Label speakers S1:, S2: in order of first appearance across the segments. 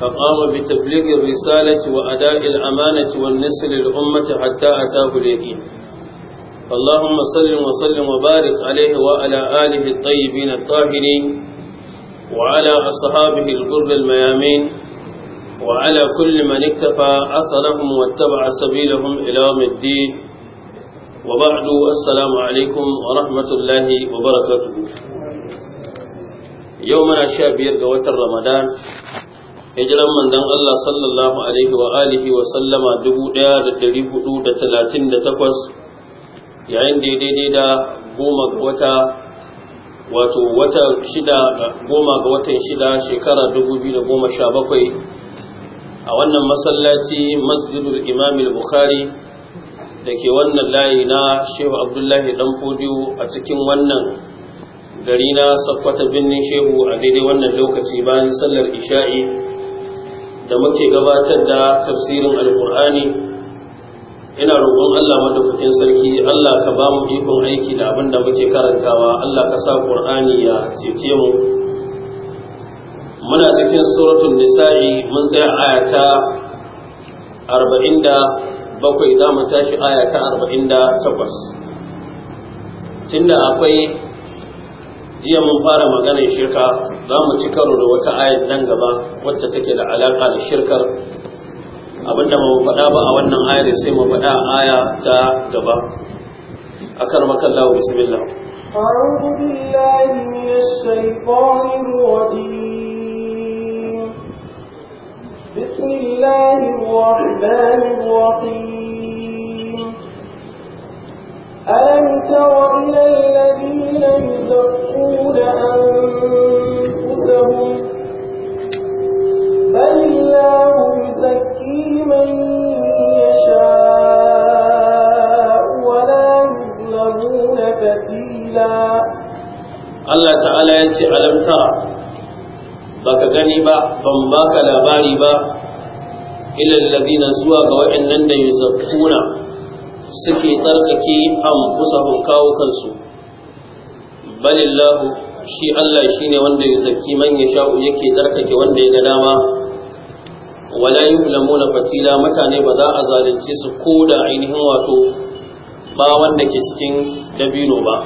S1: فقام بتبليغ الرسالة وأداء الأمانة والنصر للأمة حتى أتاه اليقين اللهم صل وسلم وبارك عليه وعلى آله الطيبين الطاهرين وعلى أصحابه الغر الميامين وعلى كل من اكتفى أثرهم واتبع سبيلهم إلى يوم الدين وبعد السلام عليكم ورحمة الله وبركاته يومنا شابير قوة رمضان hijiran manzon Allah sallallahu alaihi wa alihi wa sallama 1438 yayin da daidai da goma ga wata wato wata shida goma ga watan shida shekara 2017 a wannan masallaci masjidul imam al-bukhari da ke wannan layi na shehu abdullahi dan fodiyo a cikin wannan gari na sakwata birnin shehu a daidai wannan lokaci bayan sallar isha'i da muke gabatar da tafsirin alkur'ani ina roƙon Allah madaukakin sarki Allah ka ba mu ikon aiki da abin da muke karantawa Allah ka sa ƙur'ani ya cece mu muna cikin suratul nisa'i mun tsaya aya ta 47 za mu tashi aya ta 48 tunda akwai jiya mun fara maganar shirka za mu ci karo da wata ayat nan gaba wacce take da alaƙa da shirkar abinda ba mu faɗa ba a wannan ayar sai mu faɗa aya ta gaba akar makallahu bismillah
S2: أعوذ بالله من الشيطان الرجيم بسم الله الرحمن الرحيم ألم تر إلى الذين يزكون أنفسهم بل الله يزكي من يشاء ولا يظلمون فتيلا
S1: Allah ta'ala ya ce alam baka gani ba ban baka labari ba ilal ladina zuwa ga waɗannan da yuzakkuna suke tsarkake an kusahun kawo kansu balillahu shi Allah shi ne wanda ya zaki man ya sha'u yake tsarkake wanda ya ga dama wala yi na fatila mutane ba za a zalunce su ko da ainihin wato ba wanda ke cikin dabino ba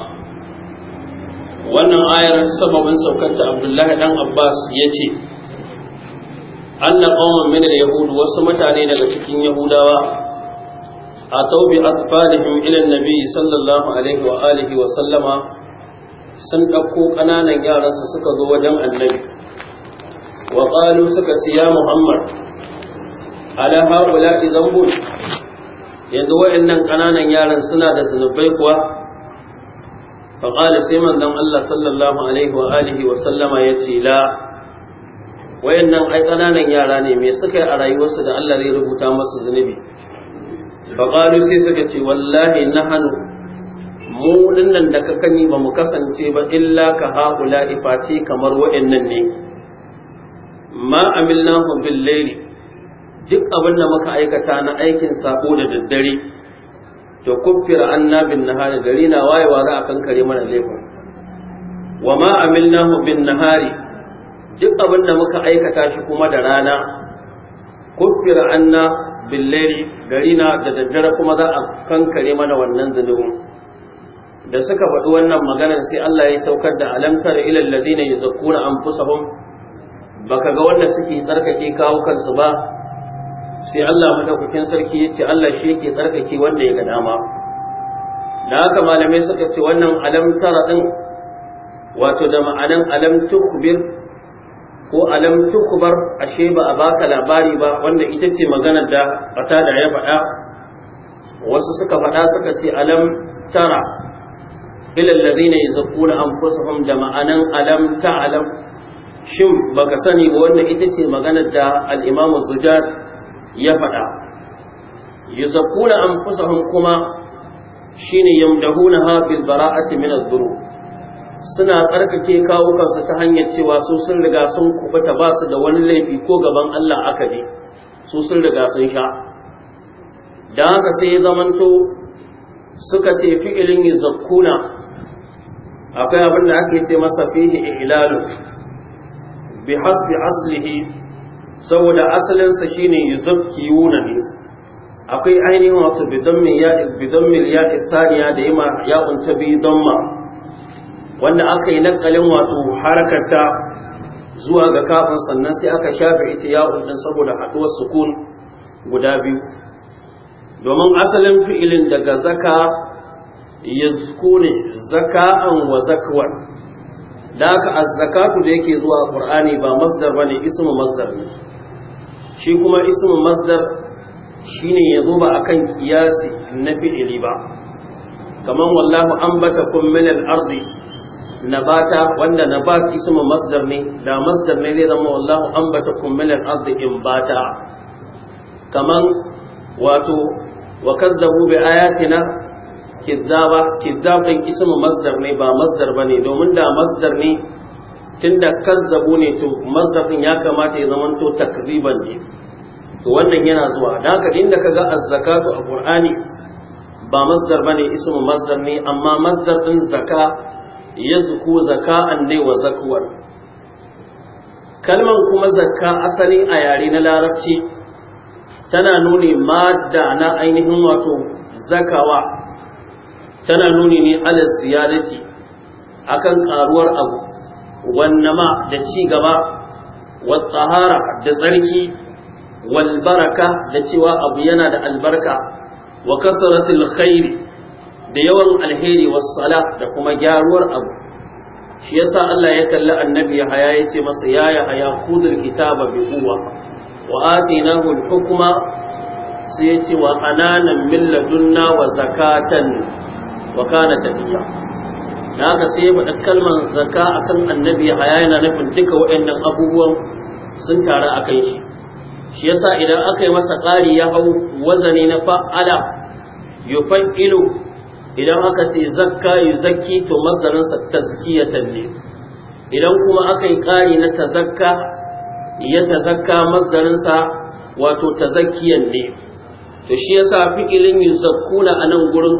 S1: wannan ayar sababin saukanta abdullahi dan abbas ya ce an na da yahudu wasu mutane daga cikin yahudawa atau bi atfalihim ila annabi sallallahu alaihi wa wa sallama sun dauko kananan yaransu suka zo wajen annabi wa qalu suka ce ya muhammad ala haula idhanbun yanzu wayannan kananan yaran suna da zunubai kuwa fa qala sai manzon Allah sallallahu alaihi wa wa sallama yace la wayannan ai kananan yara ne me suka yi a rayuwarsu da Allah zai rubuta masu zunubi faƙalu sai suka ce wallahi na hannu mu nan da ka kani ba mu kasance ba illa ka haƙula ifaci kamar wa'annan ne ma amilnahu bil laili duk abin da muka aikata na aikin sabo da daddare to kuffira anna bin nahari gari na wayewa za a kankare mana laifin wa ma amilnahu bin nahari duk abin da muka aikata shi kuma da rana kuffira anna billari gari na da daddare kuma za a kankare mana wannan zunubin da suka faɗi wannan maganar sai Allah ya saukar da alamtar ilal ladina yuzakkuna anfusahum baka ga wanda suke tsarkake kawo kansu ba sai Allah madaukakin sarki ya ce Allah shi yake tsarkake wanda ya ga dama da haka malamai suka ce wannan alamtar din wato da ma'anan alam tukbir ko alam tukbar ashe ba a baka labari ba wanda ita ce maganar da fata da ya faɗa wasu suka faɗa suka ce alam tara ilal ladina yazquna anfusahum da ma'anan alam alam shin baka sani ba wanda ita ce maganar da al-imamu zujat ya faɗa yazquna anfusahum kuma shine yamdahuna bil bara'ati min adh suna tsarkake kawukansu ta hanyar cewa su sun riga sun kubuta ba su da wani laifi ko gaban Allah aka je su sun riga sun sha da haka sai ya zamanto suka ce fi'ilin zakkuna. akwai abin da ake ce masa fihi ilalu bi hasbi aslihi saboda asalinsa shine yuzakkiyuna ne akwai ainihin wato bidon mil ya thaniya da yima ya unta bi damma wanda aka yi nakalin wato harakarta zuwa ga kafin sannan sai aka shafe ita ya'un din saboda haduwar sukun guda biyu domin asalin fi'ilin daga zaka ya ne zaka'an wa zakwar da aka azzakatu da yake zuwa qur'ani ba masdar ne, ismu masdar ne shi kuma ismu masdar ya yazo ba akan kiyasi na fi'ili ba Kamar wallahu an bata al-ardi nabata wanda nabat isma masdar ne da masdar ne zai zama wallahu ambatakum min al-ardi bata. kaman wato wa kazzabu bi ayatina kizzaba kizzabin isma masdar ne ba masdar bane domin da masdar ne tunda kazzabu ne to masdarin ya kamata ya zama to takriban ne to wannan yana zuwa dan haka inda kaga az-zakatu a qur'ani ba masdar bane isma masdar ne amma masdar din zakat yazku zaka'an ne wa zakuwar kalman kuma zakka asali a yare na larabci tana nuni madda na ainihin wato zakawa tana nuni ne ala ziyadati akan karuwar abu ma da ci gaba wa tsahara da tsarki wal baraka da cewa abu yana da albarka wa kasratil khairi da yawan alheri wassala da kuma gyaruwar abu shi yasa Allah ya kalli annabi ya haya yace masa ya ya haya kitaba bi quwwa wa atinahu al-hukma sai ce wa ananan min ladunna wa zakatan wa kana taqiya da sai ya faɗa kalmar zaka akan annabi ya haya yana nufin duka waɗannan abubuwan sun taru akan shi shi yasa idan aka yi masa ƙari ya hau wazani na fa'ala yufailu idan aka ce zakka yu-zakki, to mazarin sa tazkiyatan ne idan kuma aka yi ƙari na zakka ya ta mazarin sa wato ta tazakkiyan ne to shi yasa fi'ilin yuzakkuna a nan gurin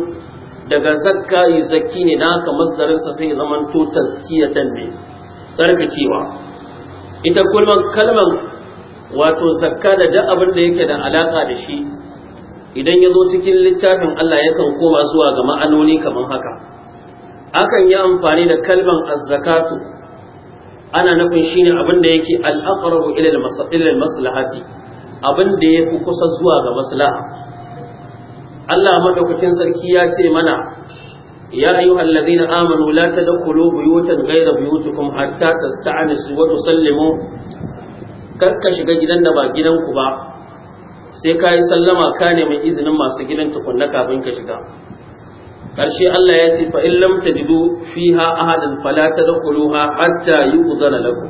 S1: daga zakka yu-zakki ne na haka mazarin sa sai zaman to tazkiyatan ne cewa. ita kulman kalman wato zakka da duk abin da yake da alaka da shi idan ya zo cikin littafin Allah yakan koma zuwa ga ma'anoni kamar haka akan yi amfani da kalman azzakatu ana nufin shine abin da yake al-aqrabu ila al-maslahati abin da yafi kusa zuwa ga maslaha Allah madaukakin sarki ya ce mana ya ayyuhal ladina amanu la tadkhulu buyutan ghayra buyutikum hatta tasta'nisu wa tusallimu ka shiga gidan da ba gidanku ba sai ka yi sallama ka mai izinin masu gidan tukunna kafin ka shiga ƙarshe Allah ya ce fa in lam tajidu fiha ahadan fala tadkhuluha hatta yu'dhana lakum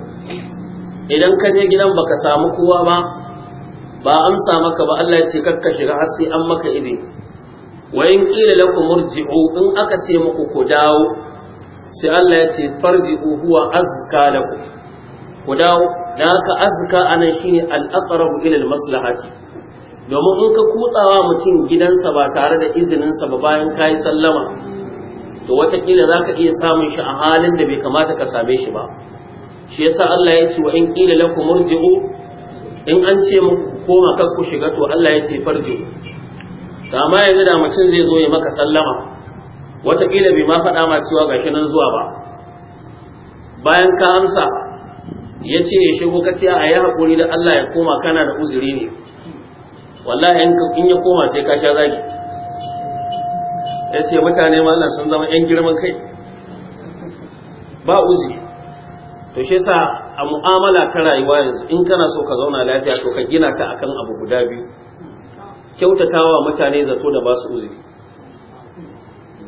S1: idan ka je gidan baka samu kowa ba ba amsa maka ba Allah ya ce kakka shiga har sai an maka izini wa in qila lakum urji'u in aka ce muku ku dawo sai Allah ya ce farji'u huwa azka lakum ku dawo da aka azka anan shine al-aqrabu ila al-maslahati domin in ka kutsawa mutum gidansa ba tare da izininsa ba bayan ka sallama to watakila za ka iya samun shi a halin da bai kamata ka same shi ba shi yasa Allah ya ce wa in ƙila lakum murji'u in an ce muku koma kar ku shiga to Allah ya ce farji to amma yanzu da mutum zai zo ya maka sallama watakila bai ma faɗa ma cewa gashi nan zuwa ba bayan ka amsa ya ce ya shigo ka ce a yi hakuri da Allah ya koma kana da uzuri ne wallahi in ya koma sai ka sha zagi ya ce mutane mallan sun zama yan girman kai ba uzi to shi sa a mu'amala ta rayuwa yanzu in kana so ka zauna lafiya to ka gina ta akan abu guda biyu kyautatawa mutane zato da ba su uzuri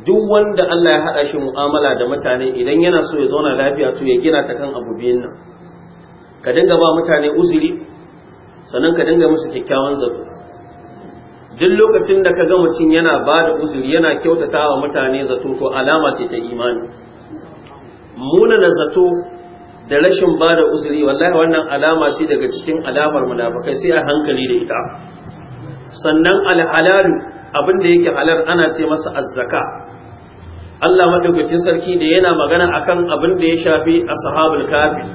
S1: duk wanda Allah ya haɗa shi mu'amala da mutane idan yana so ya zauna lafiya to ya gina ta kan abu biyun nan ka dinga ba mutane uzuri sannan ka dinga musu kyakkyawan zato duk lokacin da ka ga mutum yana ba da uzuri yana kyautata wa mutane zato ko alama ce ta imani muna na zato da rashin ba da uzuri wallahi wannan alama ce daga cikin alamar munafakai sai a hankali da ita sannan al'alalu abin da yake halar ana ce masa azzaka Allah madaukakin sarki da yana magana akan abin da ya shafi ashabul kafi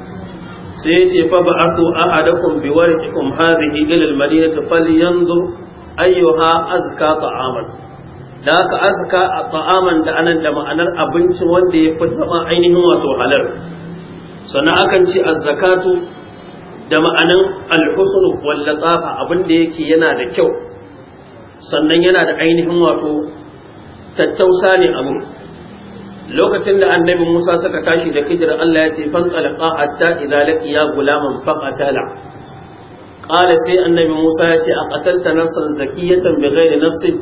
S1: sai ya ce fa ba'athu ahadakum biwarqikum hadhihi ila al-madinati falyanzur ayyuha azka ta'aman da aka azka ta'aman da anan da ma'anar abinci wanda ya fi zama ainihin wato halar sannan akan ce azzakatu da ma'anin alhusnu wal latafa abin da yake yana da kyau sannan yana da ainihin wato tattausa ne abin lokacin da annabi Musa suka tashi da kijirar Allah ya ce fan talaqa hatta idza laqiya gulaman faqatala qala sai annabi Musa ya ce a qatalta nafsan zakiyatan bighairi nafsin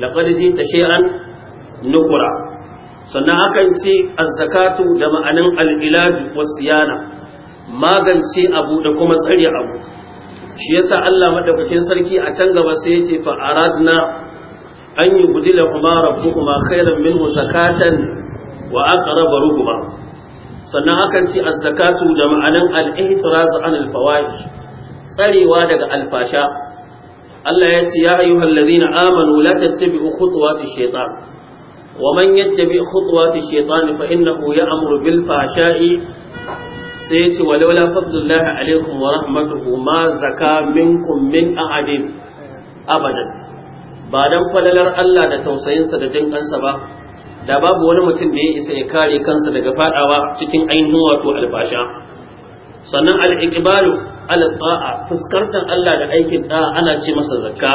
S1: laqad ta shay'an nukura sannan akan ce az-zakatu da ma'anin al'ilaji wasu was magance abu da kuma tsari abu shi yasa Allah madaukakin sarki a can gaba sai ya ce fa na an yubdilahuma rabbuhuma khairan minhu zakatan wa aqrab ruhuma sannan akan ce az-zakatu da ma'anin al-ihtiraz an tsarewa daga alfasha Allah ya ce ya ayyuhal ladina amanu la tattabi'u khutuwati shaytan wa man yattabi khutuwati shaytan fa innahu ya'muru bil fahsha'i sai ya ce walaula fadlullahi alaikum wa rahmatuhu ma zaka minkum min ahadin abadan ba dan falalar Allah da tausayinsa da jin ba da babu wani mutum da ya isa ya kare kansa daga fadawa cikin ainihin wato albasha sannan al al’ata’a fuskantar Allah da aikin ɗa ana ce masa zakka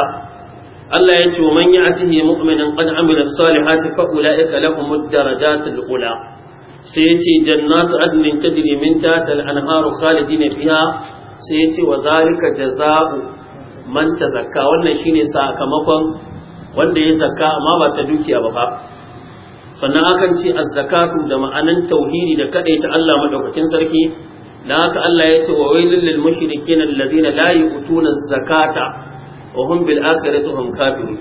S1: Allah ya ce wa man a mu'minan Amina amila as-salihati ya kala kuma daraja ta ula sai yace jannatu adnin tajri ta da al-anharu na fiya. sai ce wa zalika jazaa'u man zakka? wannan shine sakamakon wanda ya zakka amma ba ta dukiya ba fa sannan akan ce az-zakatu da ma'anan tauhidi da kaɗai ta Allah madaukakin sarki Na haka Allah ya ce wa wailul lil mushrikin alladhina la yu'tuna zakata wa hum bil akhirati hum kafirun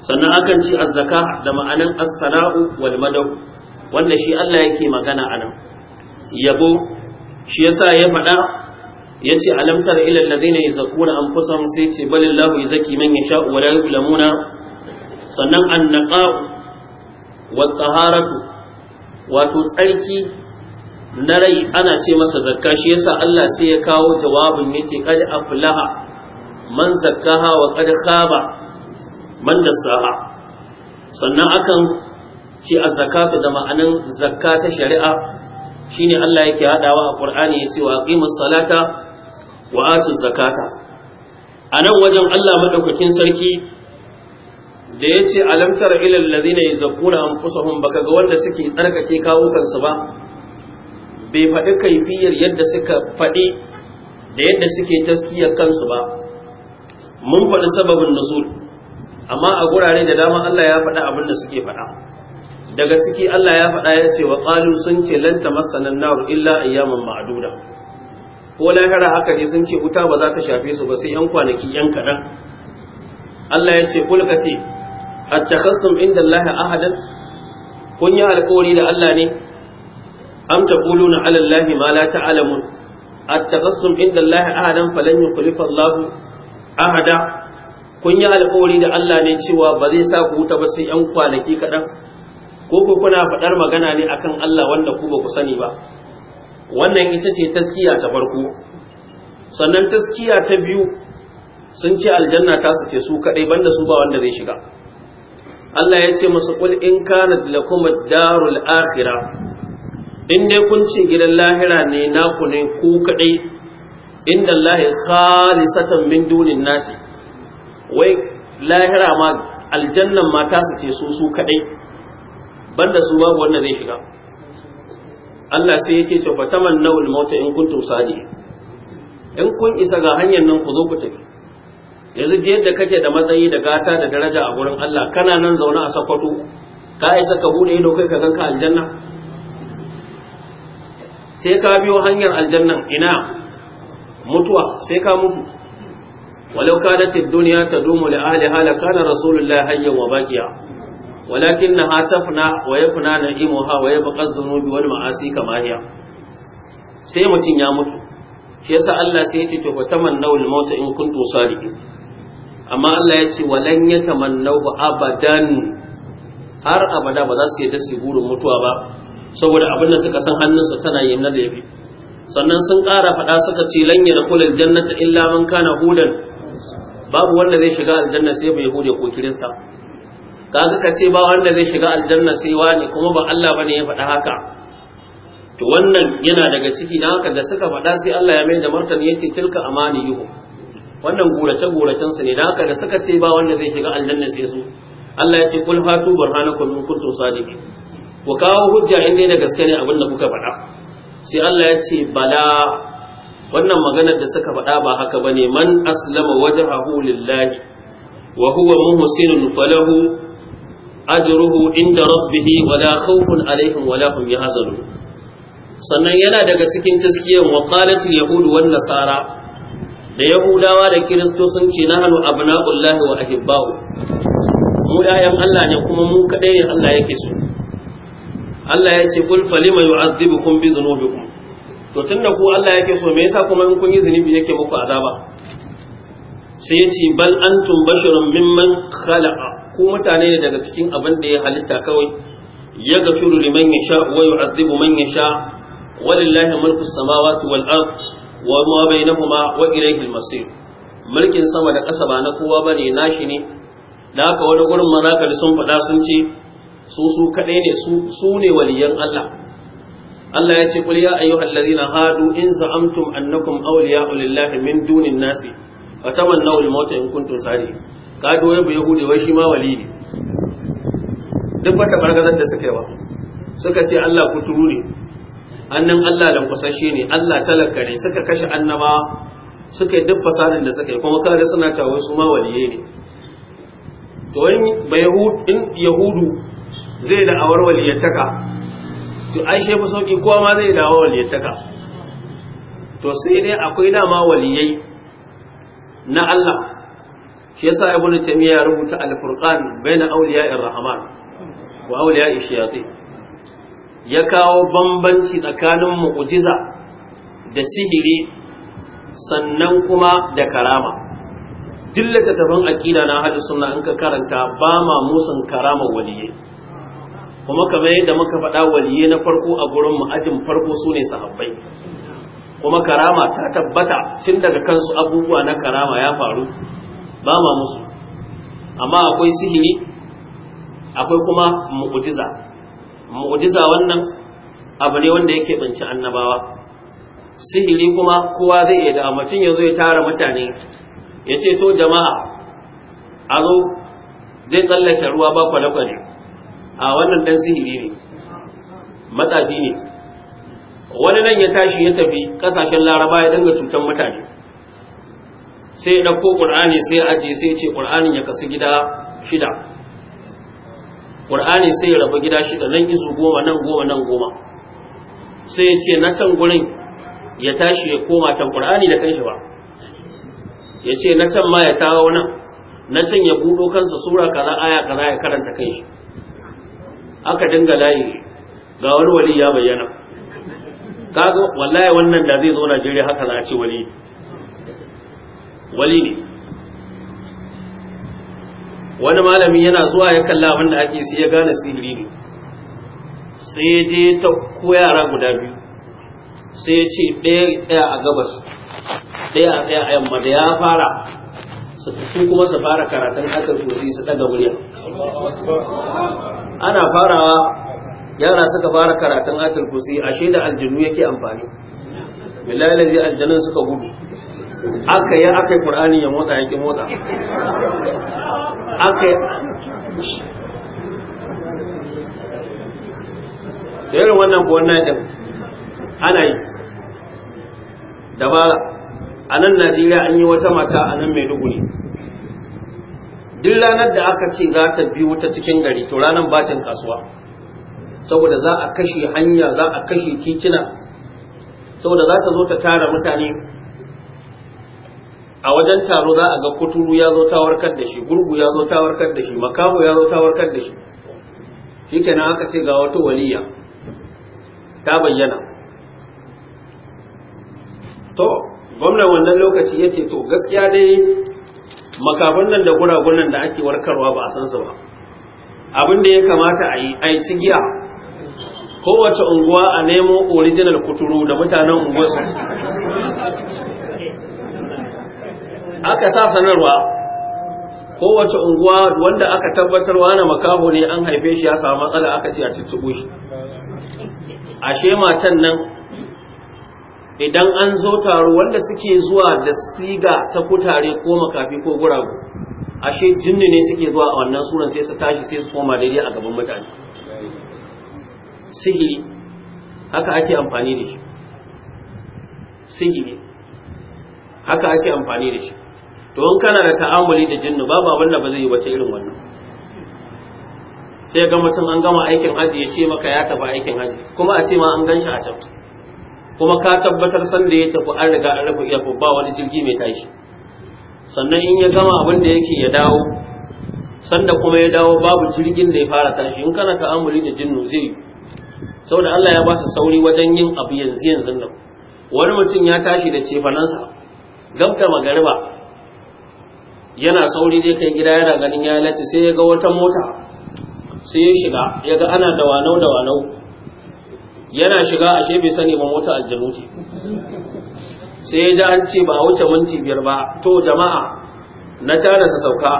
S1: sannan akan ce az-zaka da ma'anan as-sana'u wal madaw wanda shi Allah yake magana anan yabo shi yasa ya faɗa ya ce alamtar ilal ladina yazkuna anfusahum sai ce balillahu yazki man yasha wa la yuzlamuna sannan an-naqa wa taharatu wato tsarki na rai ana ce masa zakka shi yasa Allah sai ya kawo jawabin yace kad aflaha man zakkaha wa kad khaba man dassaha sannan akan ce az-zakatu da ma'anin zakka ta shari'a shine Allah yake hadawa a Qur'ani yace wa aqimus salata wa atuz zakata anan wajen Allah madaukakin sarki da yace alam tara ilal ladina yuzakkuna anfusahum baka ga wanda suke tsarkake kawo kansu ba bai faɗi kaifiyar yadda suka faɗi da yadda suke taskiya kansu ba mun faɗi sababin nuzul amma a gurare da dama Allah ya faɗa abin da suke faɗa daga ciki Allah ya faɗa ya ce wa qalu sun ce lan tamassana an-nar illa ayyaman ma'duda ko lahira haka ne sun ce wuta ba za ta shafe su ba sai yan kwanaki yan kaɗan Allah ya ce kulka ce attakhadtum inda Allah ahadan kun yi alƙawari da Allah ne am taquluna ala allahi ma la ta'lamun at-taqassum inda allahi ahadan falan yukhlifa allahu ahada kun yi alƙawari da Allah ne cewa ba zai sa ku wuta ba sai 'yan kwanaki kaɗan ko ko kuna faɗar magana ne akan Allah wanda ku ba ku sani ba wannan ita ce taskiya ta farko sannan taskiya ta biyu sun ce aljanna ta su ce su kaɗai banda su ba wanda zai shiga Allah ya ce masu kul in kana lakum ad-darul akhirah in dai kun ce gidan lahira ne naku ne ku kaɗai inda lahi khalisatan min dunin nasi wai lahira ma aljannan mata su ce su su kaɗai banda su babu wanda zai shiga Allah sai yake ce fa tamannaw al in kuntum sadi in kun isa ga hanyar nan ku zo ku tafi yanzu yadda kake da matsayi da gata da daraja a gurin Allah kana nan zaune a sakwato ka isa ka bude ido kai ka ganka aljanna sai ka biyo hanyar aljannan ina mutuwa sai ka mutu walau kanat ad-dunya tadumu li ahli hala kana rasulullahi hayyan wa baqiya imu ha wa yabqa dhunubi wal ma'asi kama hiya sai mutum ya mutu shi yasa Allah sai ya ce ku al-maut in kuntu sadiqin amma Allah ya ce walan yatamannau abadan har abada ba za su yi da su burin mutuwa ba saboda abin da suka san hannunsa tana yin na laifi sannan sun ƙara faɗa suka ce lan yadkhul aljannata illa man kana hudan babu wanda zai shiga aljanna sai bai hude ko kirista kaga ka ce ba wanda zai shiga aljanna sai wani kuma ba Allah bane ya faɗa haka to wannan yana daga ciki na haka da suka faɗa sai Allah ya mai da martani yace tilka amaniyuhum wannan gurace guracen su ne da haka da suka ce ba wanda zai shiga aljanna sai su Allah ya ce kul hatu burhanakum in kuntum sadiqin ku kawo hujja in dai da gaske ne abin da kuka faɗa sai Allah ya ce bala wannan maganar da suka faɗa ba haka ne, man aslama wajhahu lillahi wa huwa muhsinun falahu ajruhu inda rabbih wala khawfun alaihim wala hum yahzanun sannan yana daga cikin taskiyan wa qalat yahud wan nasara da yahudawa da kiristo sun ce na hannu abna'ullahi wa ahibba'u mu 'ya'yan Allah ne kuma mu kaɗai ne Allah yake so Allah ya ce kul falima yu'adhibukum bi dhunubikum to tunda ku Allah yake so me yasa kuma in kun yi zunubi yake muku azaba sai ya ce bal antum basharun mimman khalaqa ku mutane ne daga cikin abin da ya halitta kawai ya gafiru liman yasha wa yu'adhibu man yasha walillahi mulku samawati wal ard wa ma bainahuma wa ilayhi al-masir mulkin sama da kasa ba na kowa bane nashi ne da haka wani gurin malakar sun faɗa sun ce su su kadai ne su ne waliyan Allah Allah ya ce qul ya ayyuhal ladina hadu in za'amtum annakum awliya'u lillahi min dunin nasi wa tamannaw al-maut in kuntum sadiqin ka do yabu yahudi wai shi ma wali ne duk wata bargazar da suka yi wa suka ce Allah ku turu ne annan Allah lankwasashe ne Allah talaka ne suka kashe annaba suka yi duk fasadin da suka yi kuma kaga suna cewa su ma waliye ne to in yahudu zai da awar waliyataka to ai shi fi sauki kowa ma zai da awar waliyataka to sai dai akwai dama waliyai na Allah shi yasa ibnu taymiya rubuta al-furqan baina awliya'ir rahman wa awliya'i shayatin ya kawo bambanci tsakanin mu'jiza da sihiri sannan kuma da karama dillata tafin aƙida na hadu suna an ka karanta ba ma musun karama waliyai kuma kamar yadda muka faɗa waliye na farko a gurin mu ajin farko su ne sahabbai kuma karama ta tabbata tun daga kansu abubuwa na karama ya faru ba ma musu amma akwai sihiri akwai kuma mu'ujiza mu'ujiza wannan abu ne wanda yake binci annabawa sihiri kuma kowa zai iya da mutum ya zo ya tara mutane ya ce to jama'a a zo zai tsallake ruwa ba kwale-kwale a wannan dan sihiri ne matsafi ne wani nan ya tashi ya tafi kasashen laraba ya dinga cutar mutane sai ya ɗauko ƙur'ani sai ya ajiye sai ya ce ƙur'ani ya kasu gida shida ƙur'ani sai ya rabu gida shida nan izu goma nan goma nan goma sai ya ce na can gurin ya tashi ya koma can ƙur'ani da kanshi ba ya ce na can ma ya tawo nan na can ya buɗo kansa sura kaza aya kaza ya karanta kanshi aka dinga layi ga wani wali ya bayyana kaga wallahi wannan da zai zo Najeriya haka za a ce wali wali ne wani malami yana zuwa ya kalla abin da ake sai ya gane sihiri ne sai ya je ta koyara guda biyu sai ya ce ɗaya tsaya a gabas ɗaya a tsaya a yamma da ya fara su kuma su fara karatun haka kursi su ɗaga murya ana farawa yara suka fara karatun atul kusi ashe da aljanu yake amfani billahi lazi aljanun suka gudu aka yi aka yi qur'ani ya motsa ya ki motsa aka irin wannan ko wannan ana yi da ba a nan Najeriya an yi wata mata a nan Maiduguri duk ranar da aka ce za ta bi wuta cikin gari to ranar bacin kasuwa saboda za a kashe hanya za a kashe titina saboda za ta zo ta tara mutane a wajen taro za a ga kuturu ya zo ta warkar da shi gurgu ya zo ta warkar da shi makamu ya zo ta warkar da shi shikenan aka ce ga wata waliya ta bayyana to gwamnan wannan lokaci ya ce to gaskiya dai makafin nan da guragun nan da ake warkarwa ba a san su ba abin da ya kamata a yi a yi cigiya kowace unguwa a nemo original kuturu da mutanen unguwa su aka sa sanarwa kowace unguwa wanda aka tabbatarwa na makaho ne an haife shi ya samu matsala aka ce a cikin shi ashe matan nan idan an zo taro wanda suke zuwa da siga ta kutare ko makafi ko guragu ashe jinni ne suke zuwa a wannan suran sai su tashi sai su koma daidai a gaban mutane sihiri haka ake amfani da shi sihiri haka ake amfani da shi to in kana da ta'amuli da jinni babu abin da ba zai yi wace irin wannan sai ga mutum an gama aikin haji ya ce maka ya tafi aikin haji kuma a ce ma an gan shi a can kuma ka tabbatar san da ya tafi an riga an rufe iyako ba wani jirgi mai tashi sannan in ya zama abin da yake ya dawo sanda kuma ya dawo babu jirgin da ya fara tashi in kana ta'amuli da jinnu zai saboda Allah ya ba su sauri wajen yin abu yanzu yanzu nan wani mutum ya tashi da cefanansa gamta magariba yana sauri dai kai gida yana ganin ya lati sai ya ga wata mota sai ya shiga ya ga ana dawanau dawanau yana shiga ashe bai sani ba mota aljanu ce sai ya an ce ba wuce minti biyar ba to jama'a na tana sa sauka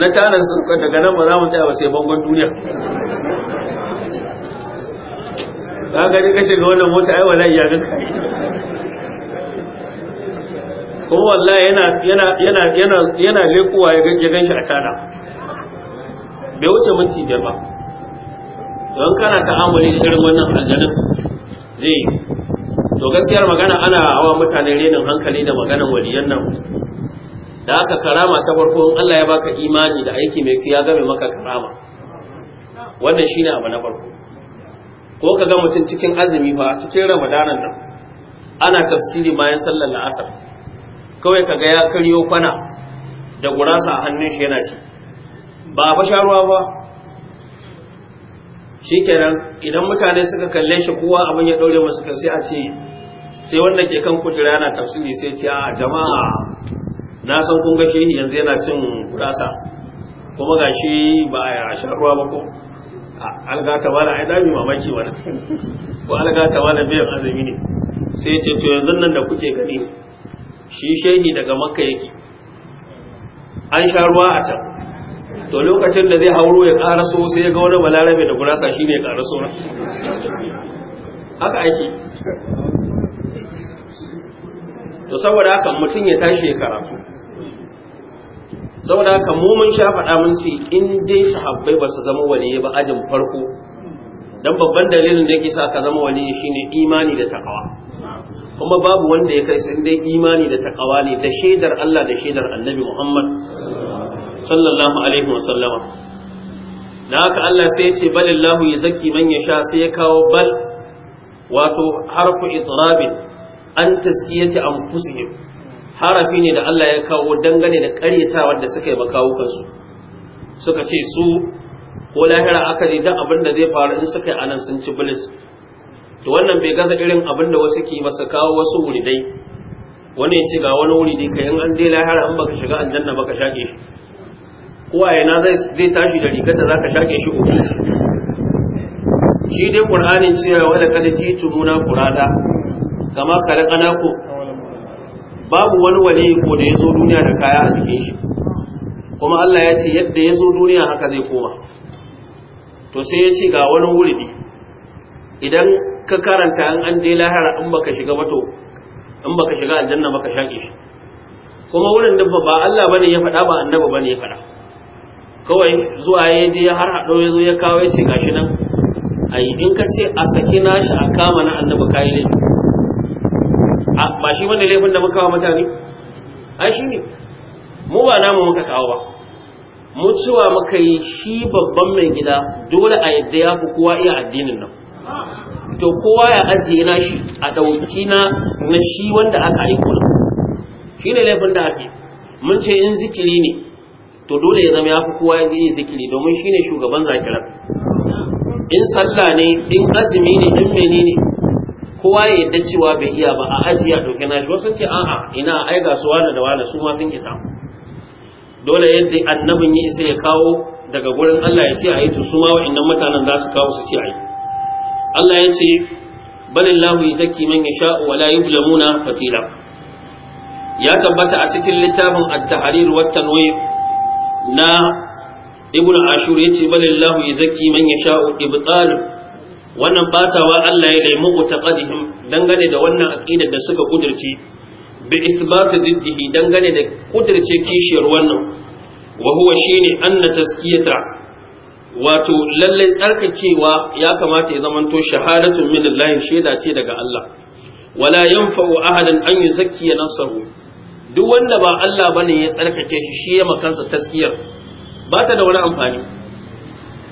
S1: na tana sauka daga nan ba za mu tsaya ba sai bangon duniya ka gani ka shiga wannan mota ai wallahi ya ga kai Ko wallahi yana yana yana yana yana lekuwa ya ganshi ganshi a tana bai wuce minti biyar ba don kana ta'amuli da irin wannan aljanin zai to gaskiyar magana ana hawa mutane renin hankali da maganar waliyan nan da aka karama ta farko in Allah ya baka imani da aiki mai ya game maka karama wannan shine abu na farko ko ka ga mutum cikin azumi fa cikin ramadanan nan ana tafsiri bayan sallar la'asar kawai kaga ya karyo kwana da gurasa a hannun shi yana ci ba a fasha ruwa ba kenan idan mutane suka kalle shi kowa abin ya ɗaure masu kan sai a ce sai wanda ke kan kudura yana tafsiri sai ce a jama'a na san kun shi yanzu yana cin gurasa kuma ga shi ba a sha ruwa ba ko algata ba wala ai dami mamaki wani ko algata ba wala biyan azumi ne sai ce to yanzu nan da kuke gani shi shehi daga makka yake an sha ruwa a can to lokacin da zai hauro ya so sai ya ga wani balarabe da gurasa shi ne ya na haka ake to saboda haka mutum ya tashi ya karatu saboda haka mu mun sha faɗa mun ce in dai sahabbai ba su zama wani ba ajin farko dan babban dalilin da yake sa ka zama wani shine imani da taqwa kuma babu wanda ya kai sun dai imani da takawa ne da shaidar Allah da shaidar Annabi Muhammad sallallahu alaihi wa sallama da haka Allah sai ya ce balillahu zaki man yasha sai ya kawo bal wato harfu itrabin an taskiyati anfusihim harafi ne da Allah ya kawo dangane da karyatawa da suka yi makawo kansu suka ce su ko lahira aka ne da abin da zai faru in suka yi anan sun ci bilis to wannan bai gaza irin abin da wasu ke masa kawo wasu wuridai wani ya ce ga wani wuridi ka yi an dai lahara an baka shiga aljanna baka shaƙe shi ko a yana zai tashi da rigar da za ka shaƙe shi ofis shi dai ƙur'anin cewa wadda kada ci tumuna ƙurada kama kare ko babu wani wani ko da ya zo duniya da kaya a jikin shi kuma Allah ya ce yadda ya zo duniya haka zai koma to sai ya ce ga wani wuridi idan ka karanta an an dai lahara in baka shiga ba to in baka shiga aljanna baka shaƙe shi kuma wurin da ba Allah bane ya faɗa ba annabi bane ya faɗa kawai zuwa ya je har haɗo ya zo ya kawo ya ce gashi nan ayi in ka ce a saki nashi a kama na annabi kayi laifi ba shi wanda laifin da muka wa mutane ai shi ne mu ba namu muka kawo ba mu cewa muka yi shi babban mai gida dole a yadda ya fi kowa iya addinin nan to kowa ya ajiye na shi a ɗauki na na shi wanda aka yi kula shi ne laifin da ake mun ce in zikiri ne to dole ya zama ya fi kowa ya yi zikiri domin shi ne shugaban zakirar. in sallah ne in azumi ne in meni ne kowa ya yadda cewa bai iya ba a ajiye a ɗauki na shi wasu ce a'a ina ai ga su wani da wani su ma sun isa dole yadda annabin ya isa ya kawo daga gurin Allah ya ce a yi to su ma mutanen za su kawo su ce a yi Allah ya ce balillahu yuzakki man yasha'u wa la yuzlamuna fatila ya tabbata a cikin littafin at-tahrir wa tanwir na ibn ashur yace balillahu yuzakki man yasha'u ibtal wannan batawa Allah ya daimu mutaqaddim dangane da wannan aqidar da suka kudirce bi isbat diddihi dangane da kudirce kishiyar wannan wa huwa shine anna taskiyata wato lallai tsarkakewa ya kamata ya zamanto shahadatun min Allah shaida ce daga Allah wala yanfa'u ahadan an yuzakki nafsahu duk wanda ba Allah bane ya tsarkake shi shi ya makansa taskiyar ba ta da wani amfani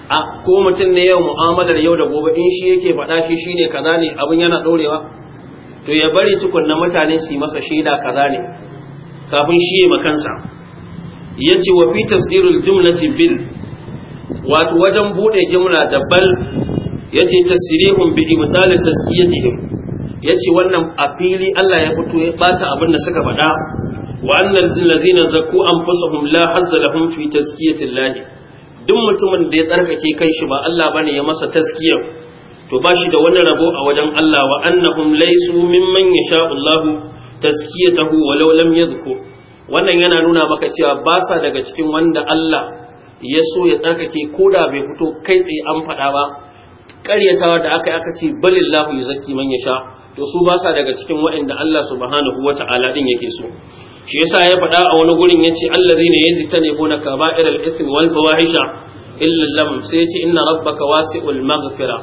S1: a ko mutum ne yau mu'amalar yau da gobe in shi yake faɗa shi shine kaza ne abin yana ɗorewa to ya bari tukunna mutane su yi masa shaida kaza ne kafin shi ya makansa yace wa fi tasdirul jumlati bil wato wajen bude jimla da bal yace tasrihum bi ibtal Ya yace wannan a fili Allah ya fito ya bata abin da suka faɗa wa annal ladzina zaku anfusahum la hazza lahum fi tazkiyatillah duk mutumin da ya tsarkake shi ba Allah bane ya masa taskiya to ba shi da wani rabo a wajen Allah wa annahum laysu mimman yasha Allah tazkiyatahu walau lam yadhku wannan yana nuna maka cewa ba sa daga cikin wanda Allah ya so ya tsarkake ko da bai fito kai tsaye an faɗa ba ƙaryatawa da aka aka ce balillahu ya zaki man ya sha to su ba sa daga cikin waɗanda Allah subhanahu wa ta'ala din yake so shi yasa ya faɗa a wani gurin yace allazina yajitanibuna kaba'ir al-ismi wal fawahisha illa lam sai yace inna rabbaka wasi'ul maghfira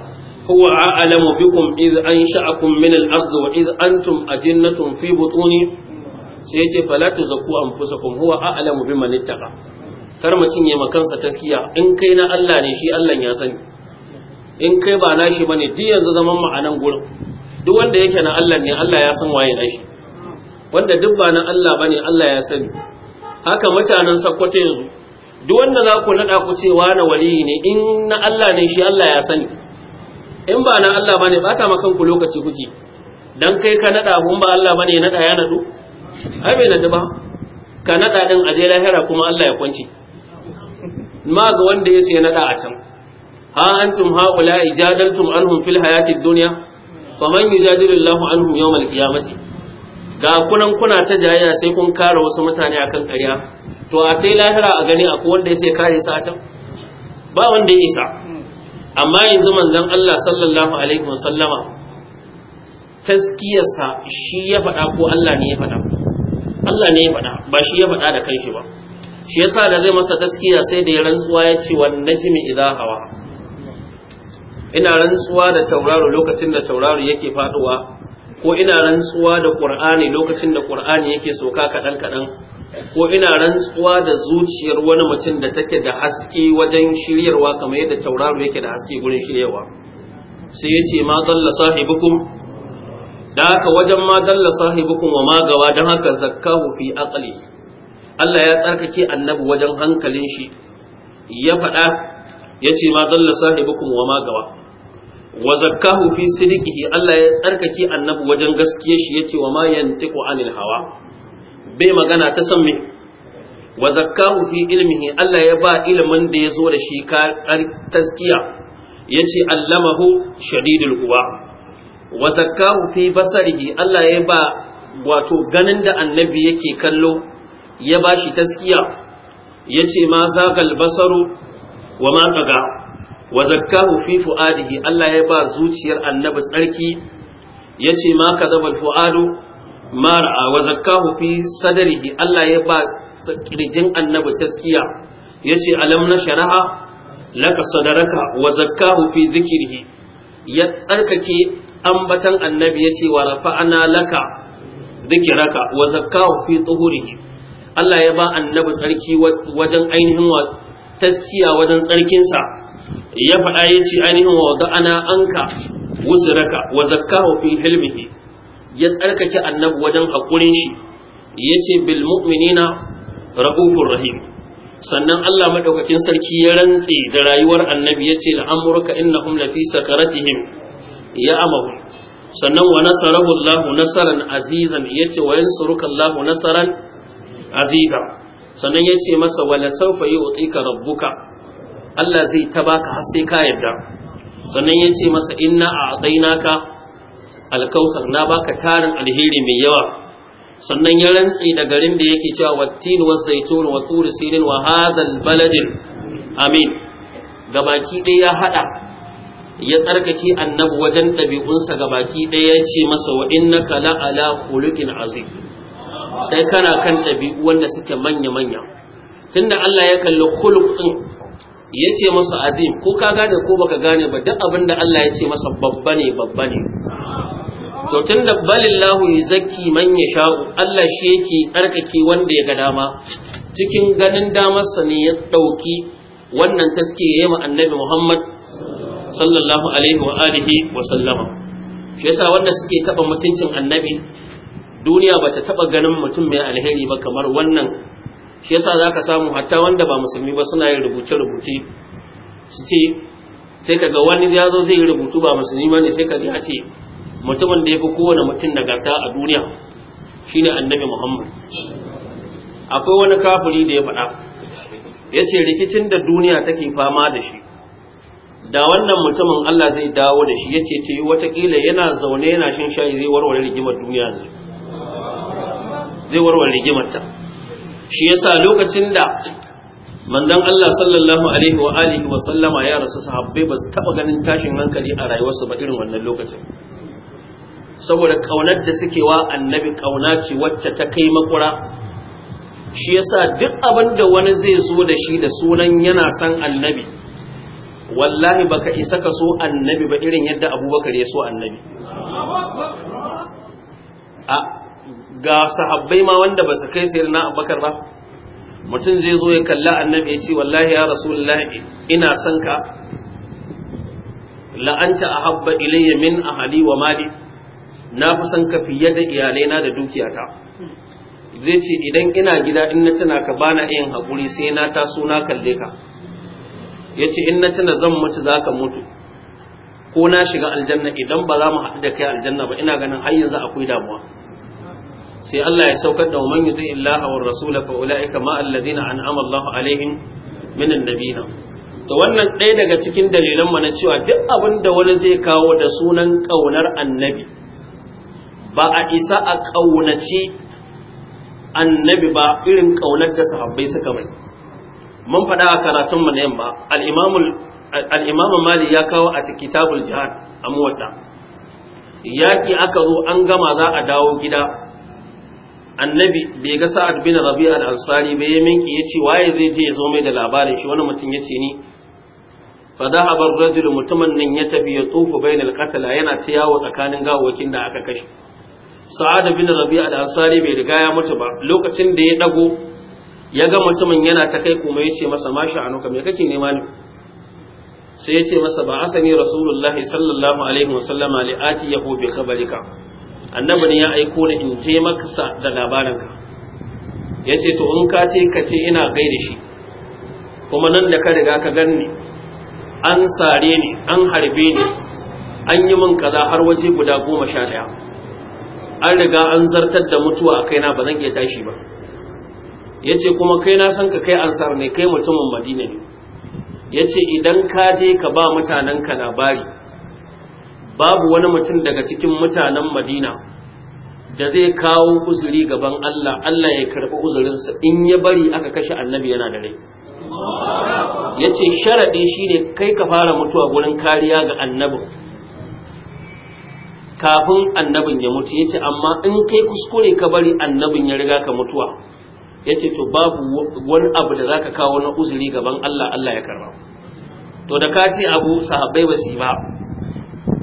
S1: huwa a'lamu bikum id ansha'akum min al-ardh wa id antum ajinnatun fi butuni sai yace fala tuzakku anfusakum huwa a'lamu biman ittaqa kar mutum ya makansa taskiya in kai na Allah ne shi Allah ya sani in kai ba na shi bane duk yanzu zaman mu a nan gurin duk wanda yake na Allah ne Allah ya san waye na shi wanda duk ba na Allah bane Allah ya sani haka mutanen sakkwato yanzu duk wanda za ku nada ku ce wa wani wali ne in na Allah ne shi Allah ya sani in ba na Allah bane bata makan ku lokaci kuke dan kai ka nada mun ba Allah bane nada ya nadu ai bai nadu ba ka nada din aje lahira kuma Allah ya kwance ma ga wanda ya sai naɗa a can ha antum haula ijadaltum anhum fil hayatid dunya faman yujadilu Allahu anhum yawmal qiyamati ga kunan kuna ta jayya sai kun kare wasu mutane akan ƙarya to a kai lahira a gani akwai wanda ya sai kare sa can ba wanda ya isa amma yanzu manzon Allah sallallahu alaihi wasallama taskiyarsa shi ya faɗa ko Allah ne ya faɗa Allah ne ya faɗa ba shi ya faɗa da kanshi ba shi yasa da zai masa gaskiya sai da ya rantsuwa ya ce wa najmi idha hawa ina rantsuwa da tauraro lokacin da tauraro yake faduwa ko ina rantsuwa da qur'ani lokacin da qur'ani yake soka kadan kadan ko ina rantsuwa da zuciyar wani mutum da take da haske wajen shiryarwa kamar yadda tauraro yake da haske gurin shiryarwa sai ya ce ma dalla sahibukum da haka wajen ma dalla sahibukum wa ma gawa don haka zakkahu fi aqli Allah ya tsarkake annabi wajen hankalin shi ya faɗa ya ce ma dalla sahibukum wa ma gawa wa zakkahu fi sidiqihi Allah ya tsarkake annabi wajen gaskiyar shi yace wa ma yantiqu anil hawa bai magana ta san me wa zakkahu fi ilmihi Allah ya ba ilimin da ya zo da shi ka taskiya yace allamahu shadidul quwa wa zakkahu fi basarihi Allah ya ba wato ganin da annabi yake kallo ya shi taskiya ce ma zagal basaru wa ma qaga wa zakkahu fi fuadihi Allah ya ba zuciyar annabi tsarki ce ma ka al fuadu Mara ra'a wa zakkahu fi sadrihi Allah ya ba kirjin annabi taskiya yace alam na sharaha laka sadaraka wa fi dhikrihi ya tsarkake ambatan annabi yace wa rafa'ana laka dhikiraka wa fi tuhurihi Allah ya ba annabi tsarki wajen ainihin taskiya wajen tsarkinsa ya faɗa ya ce ainihin wa ana anka wuzuraka wa zakkahu fi hilmihi ya tsarkake annabi wajen hakurin shi ya ce bil mu'minina rahufur rahim sannan Allah madaukakin sarki ya rantse da rayuwar annabi ya ce la amruka innahum lafi sakaratihim ya amahu sannan wa nasarahu Allah nasaran azizan yace wa yansuruka Allah nasaran aziza sannan ya ce masa wala saufa yi utika rabbuka Allah zai ta baka har sai ka yarda sannan ya ce masa inna a ka? alkausar na baka tarin alheri mai yawa sannan ya rantsi da garin da yake cewa wattin wa zaitun wa turi sirin wa hadal baladin amin gabaki ɗaya ya haɗa ya tsarkake annabi wajen ɗabi'unsa baki ɗaya ya ce masa wa innaka la'ala khuluqin azim
S3: dan kana kan
S1: ɗabi'u wanda suke manya-manya tunda Allah ya kalli Kulu ya ce masa azim ko ka gane ko baka gane ba duk abin da Allah ya ce masa babba ne babba ne to tunda balillahu zaki manya shau Allah shi yake tsarkake wanda ya ga dama cikin ganin damarsa ne ya ɗauki wannan taske ya ma annabi Muhammad sallallahu alaihi wa alihi wa sallama shi yasa wanda suke taɓa mutuncin annabi duniya ba ta taɓa ganin mutum mai alheri ba kamar wannan shi yasa za ka samu hatta wanda ba musulmi ba suna yin rubuce-rubuce su ce sai ka wani ya zo zai yi rubutu ba musulmi ba ne sai ka ya ce mutumin da ya fi kowane mutum nagarta a duniya shine annabi muhammad akwai wani kafiri da ya faɗa ya ce rikicin da duniya take fama da shi da wannan mutumin allah zai dawo da shi ya ce ce watakila yana zaune yana shin shayi zai warware rigimar duniya ne zai warware rigimarta shi yasa lokacin da manzon Allah sallallahu alaihi wa alihi wa sallama ya rasu sahabbai ba su taba ganin tashin hankali a rayuwarsu ba irin wannan lokacin saboda kaunar da suke wa annabi kauna ce wacce ta kai makura shi yasa duk abin da wani zai zo da shi da sunan yana san annabi wallahi baka isa ka so annabi ba irin yadda abubakar ya so annabi a ga sahabbai ma wanda ba su kai sayar na abakar ba mutum zai zo ya kalla annabi ya ce wallahi ya rasulullah ina son ka la'anta a habba ilayya min ahali wa mali na fi son ka fiye da iyalaina da dukiyata zai ce idan ina gida in na tuna ka bana yin haƙuri sai na taso na kalle ka ya ce in na tuna zan mutu za ka mutu ko na shiga aljanna idan ba za mu haɗu da kai aljanna ba ina ganin har yanzu akwai damuwa sai Allah ya saukar da man yuti illaha war rasula fa ulaika ma alladhina an'ama Allahu alaihim minan nabiyina to wannan ɗaya daga cikin dalilan mu na cewa duk abin da wani zai kawo da sunan kaunar annabi ba a isa a kaunaci annabi ba irin kaunar da sahabbai suka mai mun faɗa a karatun mu na yamma al-imamul mali ya kawo a kitabul jihad a mota Yaki aka zo an gama za a dawo gida annabi bai ga sa'ad bin rabi al-ansari bai ya minki ya ce waye zai je ya zo mai da labarin shi wani mutum ya ce ni fa da habar rajul mutumin nan ya tafi ya tsufu da qatala yana ta yawo tsakanin gawawakin da aka kashe sa'ad bin rabi al-ansari bai riga ya mutu ba lokacin da ya dago ya ga mutumin yana ta kai kuma ya ce masa mashi anuka me kake nema ne sai ya ce masa ba asani rasulullahi sallallahu alaihi wasallama li'ati yahu bi khabarika annabi ne ya aiko ni in je maka da labarinka ya ce to in ka ce ka ce ina gaida shi kuma nan da ka riga ka ganni an sare ni an harbe ni an yi min kaza har waje guda goma sha ɗaya an riga an zartar da mutuwa a kaina ba zan iya tashi ba ya kuma kai na san ka kai ansar ne kai mutumin madina ne ya idan ka je ka ba mutanen ka labari babu wani mutum daga cikin mutanen madina da zai kawo uzuri gaban Allah Allah ya karɓi uzurinsa in ya bari aka kashe annabi yana da rai
S2: ya ce sharaɗi
S1: shi ne kai ka fara mutuwa gurin kariya ga annabin kafin annabin ya mutu ya ce amma in kai kuskure ka bari annabin ya riga ka mutuwa ya ce to babu wani abu da za ka kawo na uzuri gaban Allah Allah ya karɓa to da ka ce abu sahabbai ba su yi ba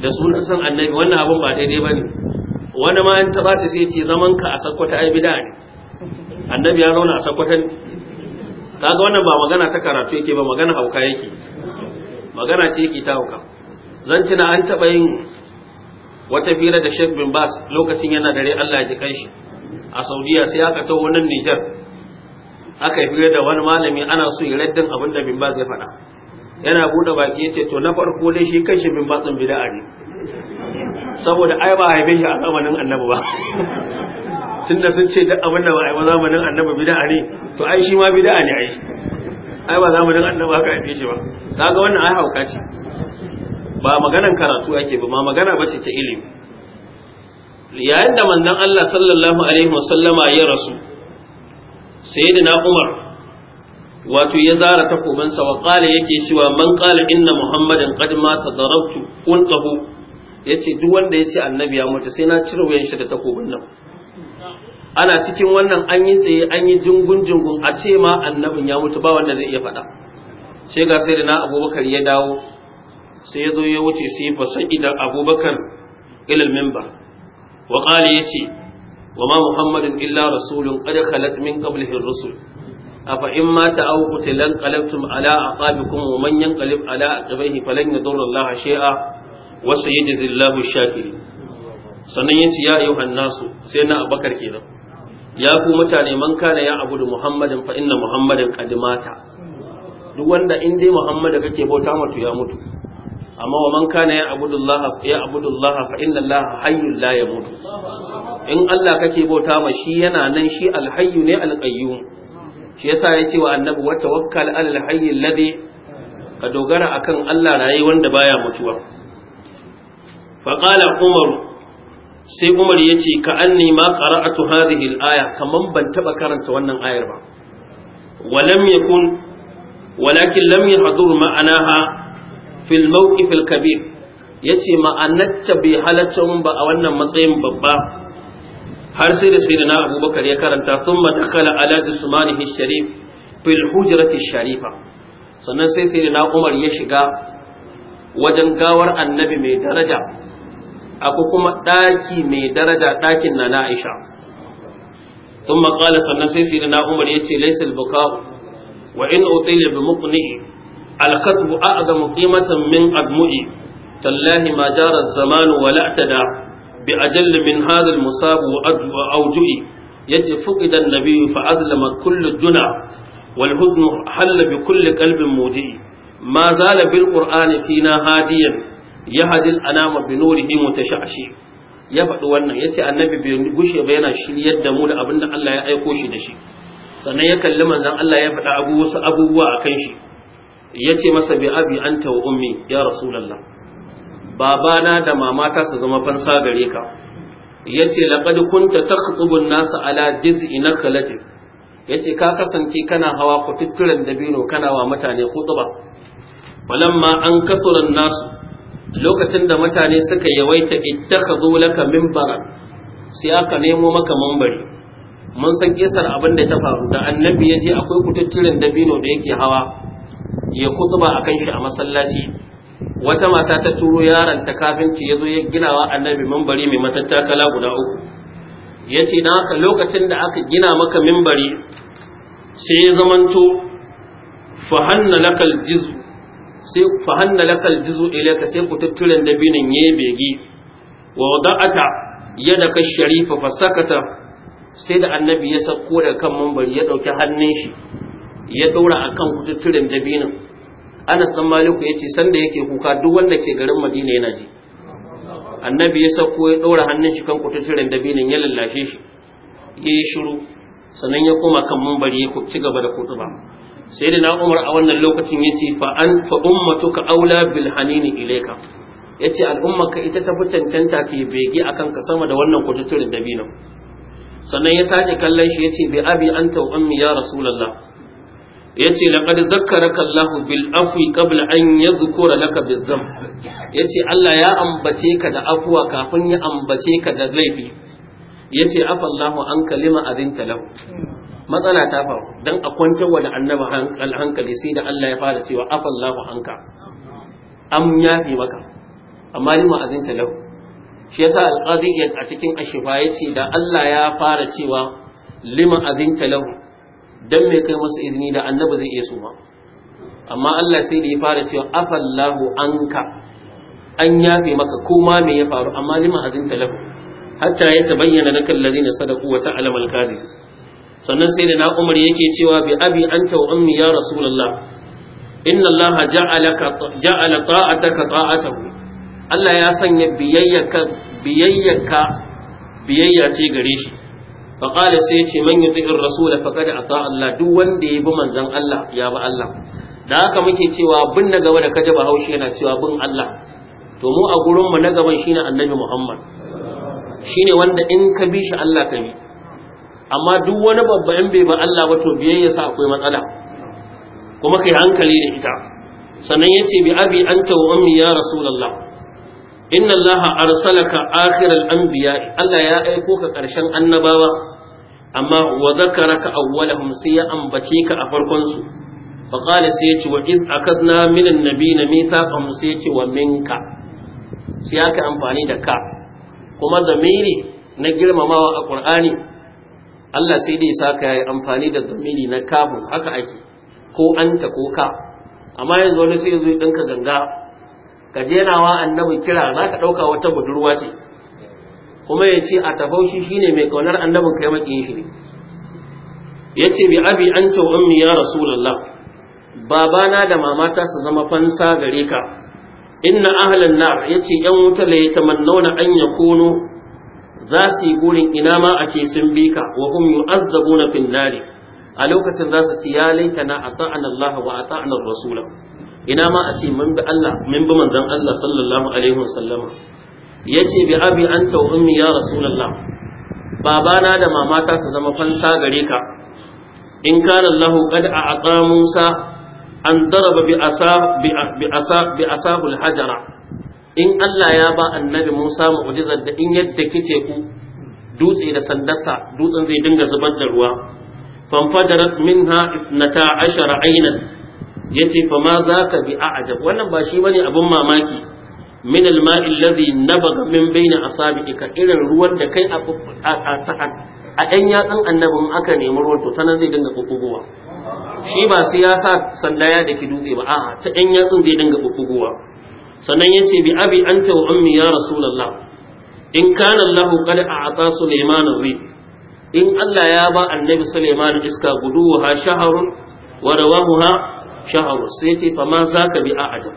S1: da sunan san annabi wannan abun ba daidai ba ne wani ma ta ba ta sai ce zaman ka a sakwata ai bida ne annabi ya zauna a sakwata ne kaga wannan ba magana ta karatu yake ba magana hauka yake magana ce yake ta hauka zan tuna an taɓa yin wata fira da Sheikh bin Bas lokacin yana dare Allah ya ji kanshi a Saudiya sai aka taho nan Niger aka yi fira da wani malami ana so ya raddin abin da bin Bas ya faɗa yana bude baki yace to na farko dai shi kanshi bin matsin bid'a ne saboda ai ba haife shi a zamanin annabi ba tunda sun ce duk abin da ba ai ba zamanin annabi bid'a ne to ai shi ma bid'a ne ai ai ba zamanin annabi haka haife shi ba kaga wannan ai hauka ce ba maganan karatu ake ba ma magana bace ta ilimi yayin da manzon Allah sallallahu alaihi wasallama ya rasu sayyidina Umar wato ya zara takobinsa wa kala yake cewa man kala inna muhammadan qad mata darabtu unqahu yace duk wanda yace annabi ya mutu sai na cire wuyan shi da takobin nan ana cikin wannan an yi tsaye an yi jingun jingun a ce ma annabin ya mutu ba wanda zai iya faɗa sai ga sai da na abubakar ya dawo sai ya zo ya wuce sai ya fasa idan abubakar ilimin ba. wa kala yace wa ma muhammadin illa rasulun qad khalat min qablihi rusul afa in mata aw qutilan qalabtum ala aqabikum wa man yanqalib ala aqibaihi falan yadurra Allah shay'a wa sayajzi Allah ash-shakirin sannan yace ya ayyuhan nasu sai na abakar kenan ya ku mutane man kana ya abudu muhammadin fa inna muhammadin qad mata duk wanda in dai muhammad kake bauta mutu ya mutu amma wa man kana ya abudu Allah ya abudu Allah fa inna Allah hayyul la yamut in Allah kake bauta ma shi yana nan shi alhayyu ne alqayyum shi yasa ya ce wa annabi wa tawakkal alal hayyin alladhi ka dogara akan Allah rayi wanda baya mutuwa Faƙala umar sai umar yace ka anni ma qara'atu hadhihi alaya kaman ban taba karanta wannan ayar ba walam yakun walakin lam yahduru ma'anaha fil mawqif al kabir yace ma'anarta bai halartar ba a wannan matsayin babba har sai da na abubakar ya karanta sun matakala ala usmanihi sharif fil hujrati sharifa sannan sai na umar ya shiga wajen gawar annabi mai daraja akwai kuma ɗaki mai daraja dakin na Aisha Sun maƙala sannan sai na umar yace ce al buka wa in utila bi muqni alkatbu kadbu ga qimatan min admu'i tallahi ma jara az-zamanu wa la'tada bi ajall min hadha musab wa adwa awju'i yace fuqida an-nabi fa azlama kullu juna wal huzn halla bi kulli qalbin muji'i ma zala bil qur'ani fina hadiyan yahdil anama bi nurihi mutasha'shi ya faɗi wannan yace annabi bai gushe ba yana shiryar da mu da abinda Allah ya aiko shi da shi sannan ya kalli manzon Allah ya faɗa abu wasu abubuwa akan shi yace masa bi abi anta wa ummi ya rasulullah babana da mamata su zama fansa gare ka yace laqad kunta takhutubun nasu ala jiz'i nakhlati yace ka kasance kana hawa kututturen dabino kana wa mutane khutuba walamma an kasuran nasu lokacin da mutane suka yawaita ittakhadhu laka minbara sai aka nemo maka mambari mun san kisar abin da ta faru da annabi ya je akwai kututturen dabino da yake hawa ya kutuba akan shi a masallaci wata mata ta turo yaron ta kafinci ya zo ya ginawa annabi mambari mai matattakala guda uku yace ce haka lokacin da aka gina maka mimbari sai ya zamanto fahanna lakal jizu sai fahanna lakal jizu ilaka sai ku tattura dabinin ya begi wa wada'ata yadaka sharifa fasakata sai da annabi ya sako da kan mambari ya ɗauki hannun shi ya daura akan kututturen dabinin Anas dan Maliku yace sanda yake kuka duk wanda ke garin Madina yana ji annabi ya sako ya ɗora hannun shi kan kututturen dabinin ya lallashe shi ya yi shiru sannan ya koma kan mambari ya ci gaba da kutuba sai da na umar a wannan lokacin ya ce ummatu ummatuka aula bil hanini ilaika ya ce al'ummarka ita ta fi cancanta ke bege a kanka sama da wannan kututun dabinin sannan ya sake kallon shi ya ce bi abi an ta ummi ya rasulallah yace laqad zakkaraka Allahu bil afwi qabla an yadhkura laka bil dhanb yace Allah ya ambace ka da afuwa kafin ya ambace ka da laifi yace afa Allahu an kalima azinta lahu matsala ta faru dan a kwantar wa da annaba hankali sai da Allah ya fara cewa afa Allahu anka am yafi maka amma lima azinta lahu shi yasa alqadi a cikin ashifa yace da Allah ya fara cewa lima azinta lahu dan mai kai masa izini da annabi zai iya suma amma Allah sai da ya fara cewa afallahu anka an yafe maka koma me ya faru amma lima azinta lahu hatta ya bayyana na ladina sadaqu wa ta'lamu al sannan sai da na Umar yake cewa bi abi wa ummi ya rasulullah inna Allah ja'alaka ja'ala ta'ataka ta'atahu Allah ya sanya biyayyaka biyayyaka biyayya ce gare shi فقال سيتي من يطيع الرسول فقد اطاع الله duk wanda ya bi manzon Allah ya ba Allah da haka muke cewa bin na gaba da kaje ba haushi yana cewa bin Allah to mu a gurin mu na gaban shine annabi Muhammad shine wanda in ka bi shi Allah ka bi amma duk wani babba in bai ba Allah ba to biyayya sa akwai matsala kuma kai hankali da ita sannan yace bi abi anta wa ummi ya rasulullah inna allaha arsalaka akhiral anbiya Allah ya aiko ka karshen annabawa amma wa zakaraka awwalahum sai ya ambace ka a farkon su fa qala sai yace wa iz akadna min annabiyina mithaqahum sai yace wa minka sai aka amfani da ka kuma zamiri na girmamawa a qur'ani Allah sai dai saka yayi amfani da zamiri na kafu haka ake ko anta ko ka amma yanzu wani sai zo dinka ganga ka annabi kira za ka ɗauka wata budurwa ce kuma ya ce a tafaushi shi ne mai kaunar annabin kai maƙiyin shi ne ya ce bi abi an ce ummi ya rasulallah babana da mamata su zama fansa gare ka inna ahlan nar ya ce yan wuta la yatamannauna an yakunu za su yi gurin ina ma a ce sun bi ka wa hum na fin nari a lokacin za su ci ya laitana ata'ana Allah wa ata'ana rasula ina ma a ce mun bi Allah mun bi manzon Allah sallallahu alaihi wasallama yace bi abi anta wa ummi ya rasulullah babana da mamata su zama fansa gare ka in kana Allah qad aqa Musa an daraba bi asa bi asa bi asahul hajara in Allah ya ba annabi Musa mu'jizar da in yadda kike ku dutse da sandarsa dutsen zai dinga zubar da ruwa fanfadarat minha 12 aynan ya ce fa ma za ka bi a'ajab wannan ba shi bane abin mamaki min alma'i alladhi nabaga min baina asabi'ika irin ruwan da kai a a ɗan yatsan annabin aka nemi ruwan to sanan zai dinga kukuguwa shi ba sai ya sa sanda ya daki dutse ba a'a ta ɗan yatsan zai dinga kukuguwa sannan yace bi abi anta wa ummi ya rasulullah in kana Allahu qad a'ata Sulaiman ri in Allah ya ba annabi Sulaiman iska guduwa shahrun wa rawahuha sha'aru sai ce fa ma za ka bi a'ajab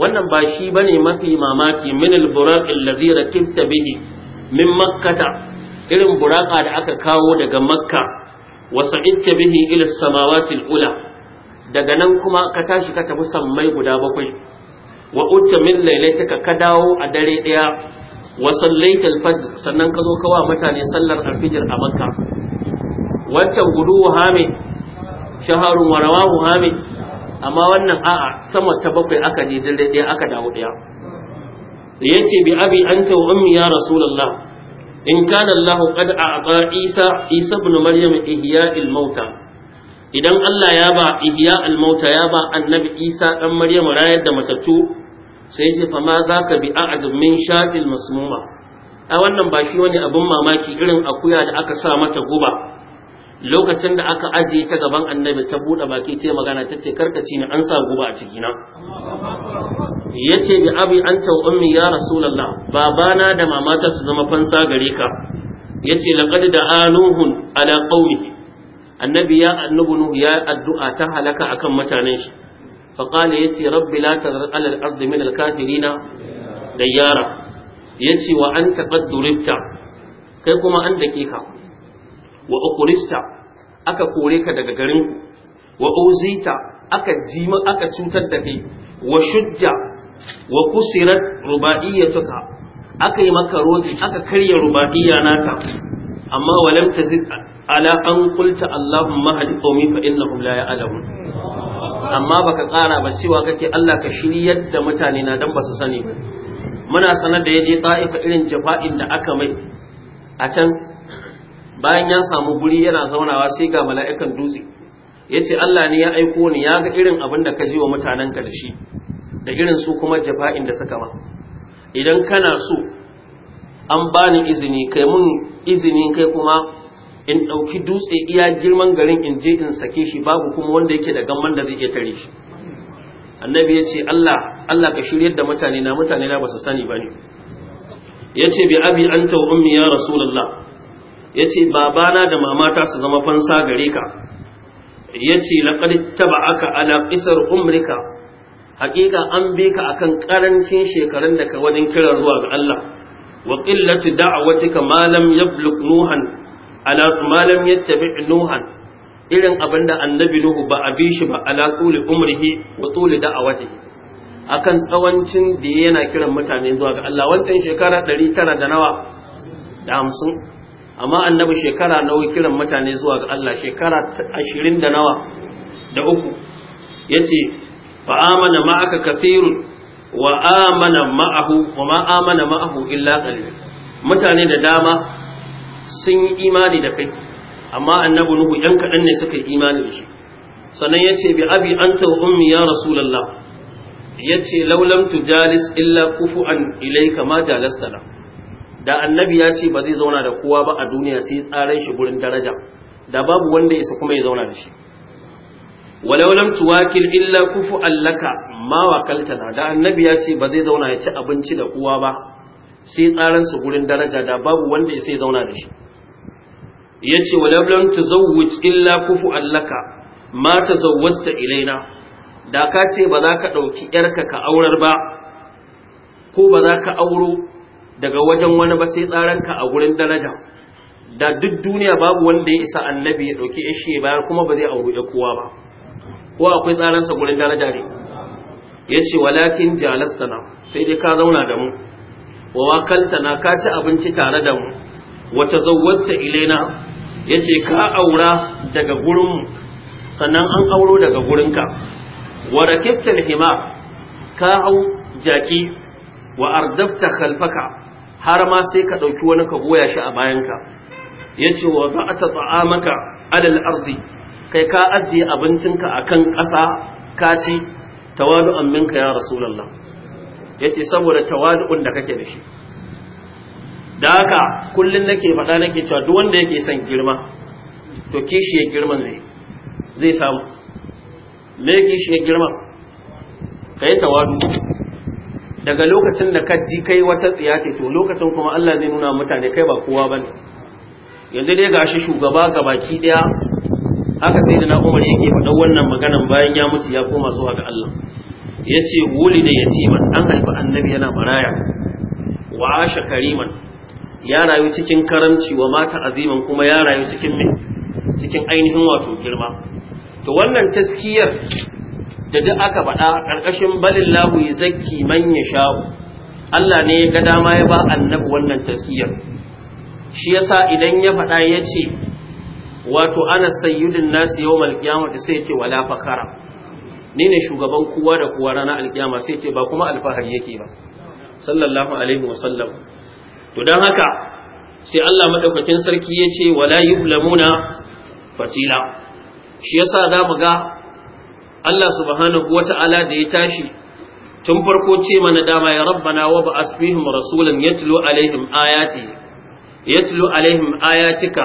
S1: wannan ba shi bane mafi mamaki min al-buraq alladhi rakibta bihi min makkata irin buraka da aka kawo daga makka wa sa'idta bihi ila samawati al-ula daga nan kuma ka tashi ka tafi sammai guda bakwai wa utta min lailatika ka dawo a dare daya wa sallaita al-fajr sannan ka zo ka wa mutane sallar al-fajr a makka wancan gudu hame shaharun wa rawahu hame amma wannan a'a sama ta bakwai aka je dare ɗaya aka dawo ɗaya ya ce bi abi anta wa ummi ya rasulullah in kana Allah qad a'ta Isa Isa ibn Maryam ihiya mauta idan Allah ya ba ihiya mauta ya ba annabi Isa dan Maryam rayar da matattu sai ce fa ma zaka bi a'dum min shatil masmuma a wannan ba shi wani abin mamaki irin akuya da aka sa mata guba lokacin da aka ajiye ta gaban annabi ta buɗe baki ta magana ta ce karkaci ni an sa guba a cikina ya ce bi abi an ta ummi ya rasulallah babana da mamata su zama fansa gare ka ya ce laƙad da anuhun ala ƙaumi annabi ya annabi nuhu ya addu'a ta halaka akan mutanen shi faƙala ya ce rabbi la tazar alal ardi min alkafirina da yara ya ce wa an taƙaddurifta kai kuma an dake ka wa ukurista aka kore ka daga garinku wa uzita aka jima aka cutar da kai wa shujja wa kusirat rubaiyatuka aka yi maka roki aka karya rubaiya naka amma walam tazid ala an qulta allahumma hadi qawmi fa innahum la ya'lamun amma baka kara ba cewa kake Allah ka shiryar da mutane na dan basu sani ba muna sanar da yaje ta'ifa irin jafa'in da aka mai a can bayan ya samu guri yana zaunawa sai ga mala'ikan dutse ya ce Allah ne ya aiko ni ya ga irin abin da ka ji wa mutanenka da shi da irin su kuma jafa'in da suka ma idan kana so an bani izini kai mun izini kai kuma in ɗauki dutse iya girman garin in je in sake shi babu kuma wanda yake da gamman da zai iya tare shi annabi ya ce Allah Allah ka shiryar da mutane na mutane na ba su sani ba ne ya ce bi abi an ta ummi ya rasulullah Ya ce babana da mamata su zama fansa gare ka yace ta ba ala qisar umrika haƙiƙa an bi ka akan ƙarancin shekarun da ka wajen kira zuwa ga Allah wa qillati da'watika malam ya bulk nuhan ala malam ya tabi nuhan irin abin abinda annabi nuhu ba a bi shi ba ala tuli umrihi wa tuli da'awatihi akan tsawancin da yana kiran mutane zuwa ga Allah wancan shekara ɗari tara da nawa da hamsin amma annabi shekara nawa kiran mutane zuwa ga Allah shekara ashirin da nawa da uku ya ce fa amana ma aka kathirun wa amana ma'ahu wa ma amana ma'ahu illa qalil mutane da dama sun yi imani da kai amma annabi nuhu yan kaɗan ne suka yi imani da shi sannan ya ce bi abi anta wa ummi ya rasulullah ya ce laulam tujalis illa kufu an ilayka ma jalasta da annabi ya ce ba zai zauna da kowa ba a duniya sai tsaran shi gurin daraja da babu wanda isa kuma ya zauna da shi walau lam tuwakil illa kufu allaka ma wakaltana da annabi ya ce ba zai zauna ya ci abinci da kowa ba sai tsaran su gurin daraja da babu wanda isa ya zauna da shi yace walau lam tuzawwij illa kufu allaka ma tazawwasta ilaina da ka ce ba za ka ɗauki yarka ka aurar ba ko ba za ka auro daga wajen wani ba sai tsaranka a gurin daraja da duk duniya babu wanda ya isa annabi ya ɗauki ishe bayan kuma ba zai auri kowa ba ko akwai tsaransa gurin daraja ne ya ce walakin jalastana sai dai ka zauna da mu wa na ka ci abinci tare da mu wata zawwasta ilena ya ce ka aura daga gurinmu sannan an auro daga ka? wa rakibtal hima ka hau jaki wa ardabta khalfaka har ma sai ka ɗauki wani ka goya shi a bayanka ya ce wa za a ta tsa'amaka alal ardi kai ka ajiye abincinka a kan ƙasa ka ci tawadu minka ya rasulallah ya ce saboda tawadu'un da kake da shi da haka kullum nake faɗa nake cewa duk wanda yake son girma to kishi ya girman zai zai samu me kishi ya girma ka yi tawadu daga lokacin da kaji ji kai wata tsiya ce to lokacin kuma Allah zai nuna mutane kai ba kowa ba ne. yanzu dai ga gashi shugaba ga baki ɗaya. haka sai da na umar yake faɗa wannan maganan bayan ya mutu ya koma zuwa ga Allah ya ce wuli da yatiman an haifi annabi yana maraya wa asha kariman ya rayu cikin karamci wa mata aziman kuma ya rayu cikin cikin ainihin wato girma to wannan taskiyar da duk aka faɗa ƙarƙashin balin lahu ya zaki man sha'u Allah ne ga dama ya ba annabi wannan taskiyar shi yasa idan ya faɗa ya ce wato ana sayyidin nasu yau malkiyama da sai ce wala fakara ni ne shugaban kowa da kowa rana alkiyama sai ce ba kuma alfahari yake ba sallallahu alaihi wasallam to don haka sai Allah madaukakin sarki ya ce wala yublamuna fatila shi yasa za mu ga Allah subhanahu wata'ala da ya tashi tun farko ce mana dama ya rabbana wa ba'as rasulun rasulan yatlu alaihim ayati yatlu alaihim ayatika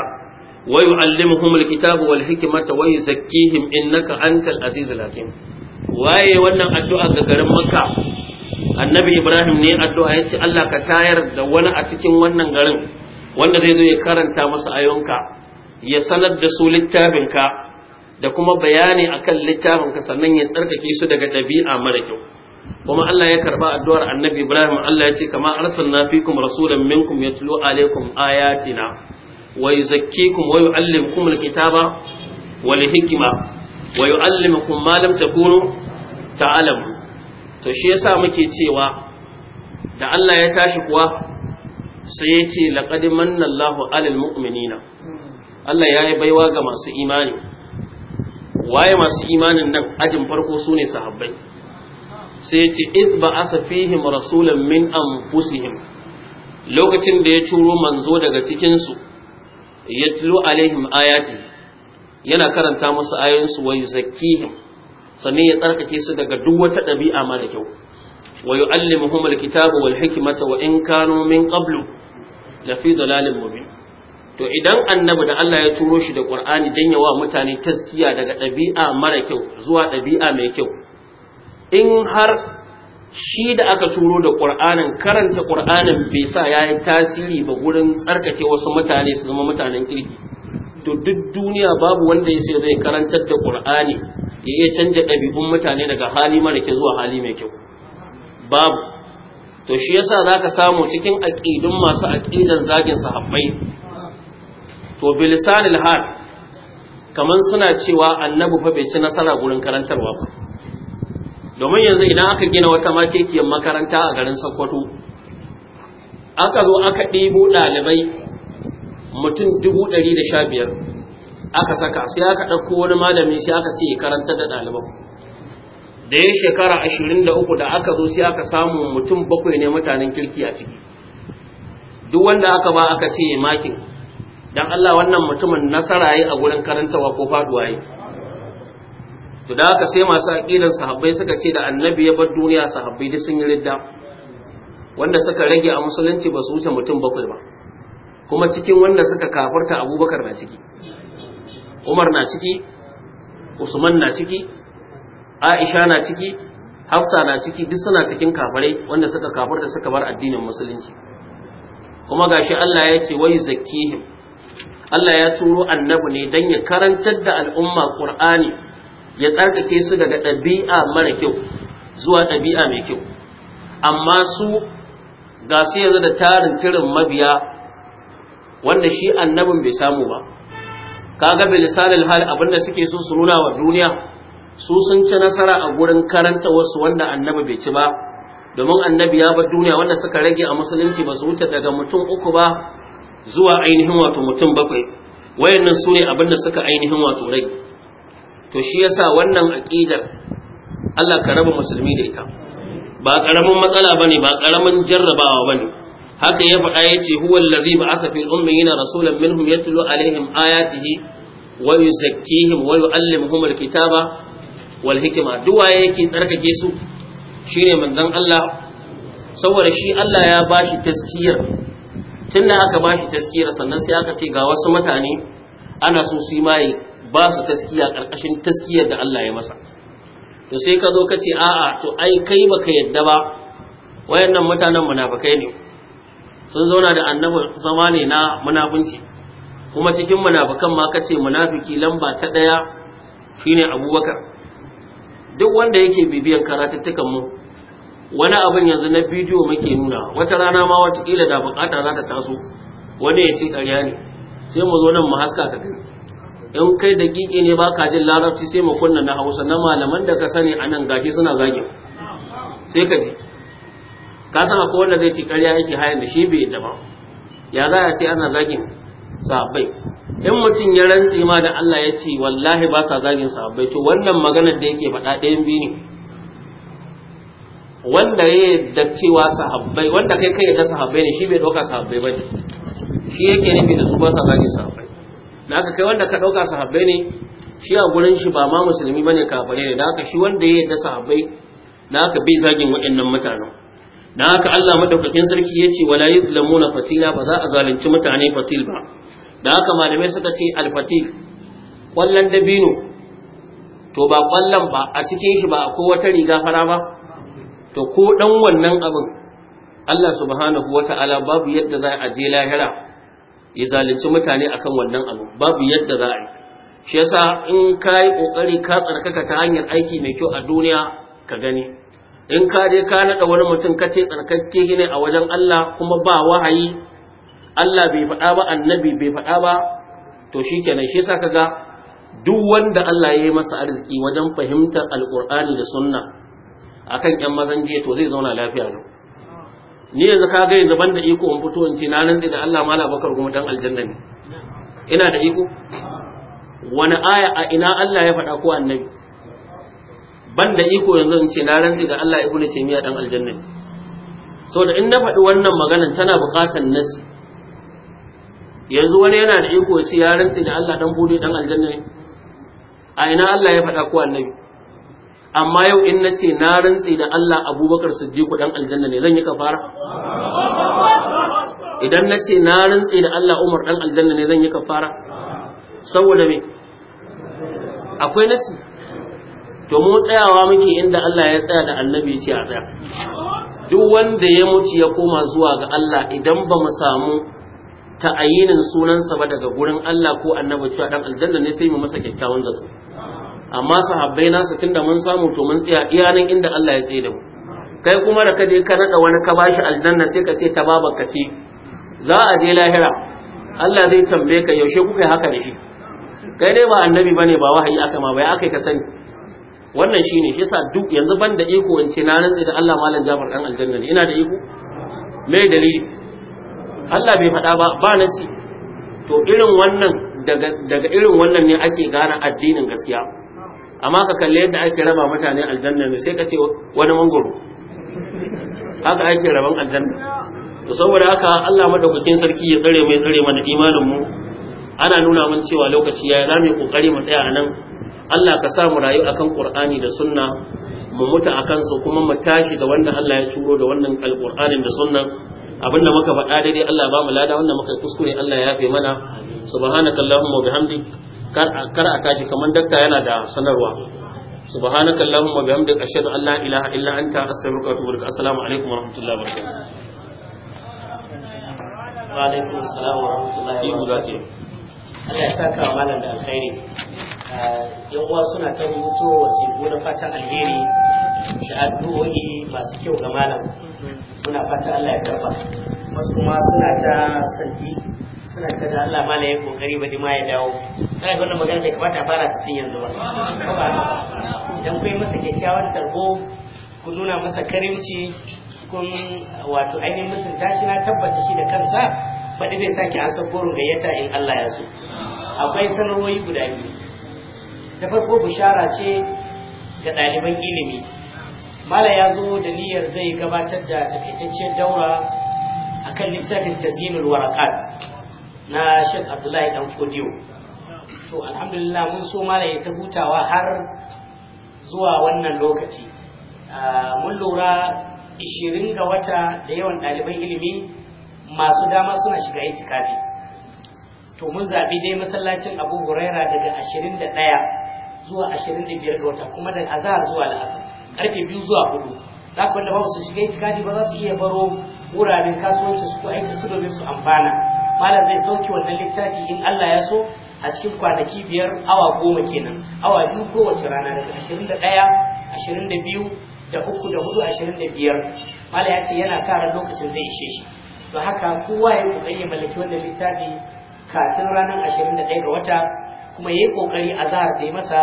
S1: wa yu'allimuhum kitabu wal hikmata wa yuzakkihim innaka antal azizul lakin. waye wannan addu'a ga garin makka annabi ibrahim ne addu'a ya ce Allah ka tayar da wani a cikin wannan garin wanda zai zo ya karanta masa ayonka ya sanar da su littafinka da kuma bayani akan littafin ka sannan ya tsarkake su daga ɗabi'a mara kyau kuma Allah ya karba addu'ar Annabi Ibrahim Allah ya ce kama arsalna fikum rasulan minkum yatlu alaikum ayatina wa yuzakkikum wa yuallimukum alkitaba wal hikma wa yuallimukum ma lam takunu ta'lamun to shi yasa muke cewa da Allah ya tashi kuwa sai ya ce laƙadi manna Allahu alal mu'minina Allah ya yi baiwa ga masu imani waye masu imanin nan ajin farko su ne sahabbai sai ce id ba asa fihim rasulan min anfusihim lokacin da ya turo manzo daga cikin su tilo alaihim ayati yana karanta musu ayoyinsu wa yuzakkihim sannan ya tsarkake su daga duk wata ɗabi'a mara kyau wa yu'allimuhum alkitaba wal hikmata wa in kanu min qablu lafi dalalin mubin to idan annabi da Allah ya turo shi da Qur'ani dan yawa mutane taskiya daga ɗabi'a mara kyau zuwa ɗabi'a mai kyau in har shi da aka turo da Qur'anin karanta Qur'anin bai sa yayi tasiri ba gurin tsarkake wasu mutane su zama mutanen kirki to duk duniya babu wanda yace zai karantar da Qur'ani ya iya canja ɗabi'un mutane daga hali mara kyau zuwa hali mai kyau babu to shi yasa zaka samu cikin aqidun masu aqidan zagin sahabbai to bilisanil hal kaman suna cewa annabi fa bai ci nasara gurin karantarwa ba domin yanzu idan aka gina wata makekiyar makaranta a garin Sokoto aka zo aka ɗebo ɗalibai mutum dubu ɗari da sha biyar aka saka sai aka ɗauko wani malami sai aka ce karanta da ɗaliban da ya shekara ashirin da uku da aka zo sai aka samu mutum bakwai ne mutanen kirki a ciki duk wanda aka ba aka ce makin dan Allah wannan mutumin nasara yi a gurin karantawa ko faduwa yi to da haka sai masu aqidan sahabbai suka ce da annabi ya bar duniya sahabbai duk sun yi ridda wanda suka rage a musulunci ba su wuce mutum bakwai ba kuma cikin wanda suka kafarta abubakar na ciki umar na ciki usman na ciki aisha na ciki hafsa na ciki duk suna cikin kafarai wanda suka kafarta suka bar addinin musulunci kuma gashi Allah ya ce wai zakkihim Allah ya turo annabi ne dan ya karantar da al'umma Qur'ani ya tsarkake su daga ɗabi'a mara kyau zuwa ɗabi'a mai kyau amma su ga su yanzu da tarin tirin mabiya wanda shi annabin bai samu ba kaga bilisanil hal abinda suke so su nuna wa duniya su sun ci nasara a gurin karanta wasu wanda annabi bai ci ba domin annabi ya bar duniya wanda suka rage a musulunci ba su wuce daga mutum uku ba zuwa ainihin wato mutum bakwai wayannan su ne abin da suka ainihin wato rai to shi yasa wannan aqidar Allah ka raba musulmi da ita ba karamin matsala bane ba karamin jarrabawa bane haka ya faɗa ya ce huwa allazi ba'atha fil ummiyina rasulan minhum yatlu alaihim ayatihi wa yuzakkihim wa yuallimuhum alkitaba wal hikma duwa yake tsarkake su shine manzon Allah saboda shi Allah ya bashi taskiyar tun da aka bashi taskira sannan sai aka ce ga wasu mutane ana so su yi mai ba su taskiya ƙarƙashin taskiyar da Allah ya masa to sai ka zo ka ce a'a to ai kai baka yadda ba wayannan mutanen munafikai ne sun zauna da annabi zama ne na munafunci kuma cikin munafikan ma kace munafiki lamba ta daya shine abubakar duk wanda yake bibiyan karatuttukan mu wani abin yanzu na bidiyo muke nuna wata rana ma watakila da bukata za ta taso wani ya ce ƙarya ne sai mu zo nan mu haska ka gani in kai da kike ne ba ka jin larabci sai mu kunna na hausa na malaman da ka sani a nan gaje suna zagin sai ka ji ka san akwai wanda zai ci ƙarya yake hayan da shi bai yadda ba ya za a ce ana zagin sahabbai in mutum ya rantse ma da Allah ya ce wallahi ba sa zagin sahabbai to wannan maganar da yake faɗa ɗayan biyu ne wanda ya yadda cewa sahabbai wanda kai kai yadda sahabbai ne shi bai ɗauka sahabbai ba shi yake nufi da su ba sa zagin sahabbai Na haka kai wanda ka ɗauka sahabbai ne shi a gurin shi ba ma musulmi ba ne kafare ne da haka shi wanda ya yadda sahabbai na haka bai zagin waɗannan mutanen Na haka Allah madaukakin sarki ya ce wala yuzlamuna fatila ba za a zalunci mutane fatil ba da haka malamai suka ce al al-fatil kwallon dabino to ba kwallon ba a cikin shi ba akwai wata riga fara ba to ko dan wannan abin Allah subhanahu wata'ala babu yadda za a je lahira ya zalunci mutane akan wannan abu babu yadda za a yi shi yasa in ka yi kokari ka tsarkaka ta hanyar aiki mai kyau a duniya ka gani in ka je ka naɗa wani mutum ka ce tsarkakke ne a wajen Allah kuma ba wahayi Allah bai faɗa ba annabi bai faɗa ba to shikenan shi yasa kaga duk wanda Allah ya yi masa arziki wajen fahimtar alqur'ani da sunna akan yan mazan jiya to zai zauna lafiya ne ni yanzu ka ga yanzu banda iko in fito in ce na nan da Allah mala bakar kuma dan aljanna ne ina da iko wani aya a ina Allah ya faɗa ko annabi banda iko yanzu in ce na rantsi da Allah ibnu miya dan aljanna ne da in na faɗi wannan maganan tana buƙatar nasi yanzu wani yana da iko ya ce ya rantsi da Allah dan bude dan aljanna ne a ina Allah ya faɗa ko annabi amma yau in na ce na rantse da Allah Abubakar Siddiqu dan aljanna ne zan yi kafara idan na ce na rantse da Allah Umar dan aljanna ne zan yi kafara saboda me akwai nasi to mu tsayawa muke inda Allah ya tsaya da Annabi ce a tsaya duk wanda ya mutu ya koma zuwa ga Allah idan ba mu samu ta'ayinin sunansa ba daga gurin Allah ko Annabi cewa dan aljanna ne sai mu masa kyakkyawan zato amma sahabbai nasu tunda mun samu to mun tsaya iya nan inda Allah ya tsaye da mu kai kuma da kaje ka nada wani ka bashi aljanna sai ka ce ta babarka ce za a je lahira Allah zai tambaye ka yaushe kuka yi haka da shi kai dai ba annabi bane ba wahayi aka ma bai aka ka sani wannan shine shi yasa duk yanzu ban da iko in ce na rantsi da Allah malam Jafar dan aljanna ne ina da iko me dalili Allah bai faɗa ba ba nasi to irin wannan daga daga irin wannan ne ake gane addinin gaskiya amma ka kalli yadda ake raba mutane aljanna ne sai ka ce wani mangoro haka ake raban aljanna to saboda haka Allah madaukakin sarki ya tsare mai tsare mana imanin mu ana nuna mun cewa lokaci ya zamu yi kokari mu tsaya anan. Allah ka sa mu rayu akan Qur'ani da Sunna mu mutu akan su kuma mu tashi da wanda Allah ya turo da wannan alqur'anin da sunnan abinda muka faɗa dai Allah ba mu lada wannan muka kuskure Allah ya yafe mana subhanakallahumma wa bihamdika kar a tashi kamar dakta yana da sanarwa subhanaka allahumma bihamdika ashhadu an la ilaha illa anta astaghfiruka wa atubu ilaik assalamu alaikum wa rahmatullahi wa
S3: barakatuh wa alaikum assalam wa wa
S1: barakatuh Allah ya saka wa malam da alkhairi
S3: ah, yan uwa suna ta rubuto wasiƙu na fatan alheri da masu kyau ga malam Allah ya suna ta suna cewa da Allah ma na yi kokari ba ma ya dawo kana wannan magana bai kamata a fara ta cin yanzu ba idan kai masa kyakkyawan tarbo ku nuna masa karimci kun wato ainihin mutum shi na tabbata shi da kansa faɗi zai sake an san gorin gayyata in Allah ya so akwai sanarwoyi guda biyu ta farko bishara ce ga ɗaliban ilimi mala ya zo da niyyar zai gabatar da takaitacciyar daura akan littafin tazinul warakat na Sheikh Abdullahi dan Fodiyo to alhamdulillah mun so mala ya ta hutawa har zuwa wannan lokaci ah, mun lura 20 ga wata da yawan ɗaliban ilimi masu dama suna shiga itikafi to mun zaɓi dai masallacin abu huraira daga 21 zuwa 25 ga wata kuma da azahar zuwa la'asar karfe biyu zuwa 4 za ku wanda ba su shiga itikafi ba za su iya baro wuraren kasuwanci su ko aiki su domin su amfana malam zai sauke wannan littafi in Allah ya so a cikin kwanaki biyar awa goma kenan awa biyu kowace rana daga ashirin da ɗaya ashirin da biyu da uku da hudu ashirin da biyar malam ya ce yana sa ran lokacin zai ishe shi to haka kowa ya kokari ya mallaki wannan littafi kafin ranar ashirin da ɗaya ga wata kuma ya yi kokari a za a masa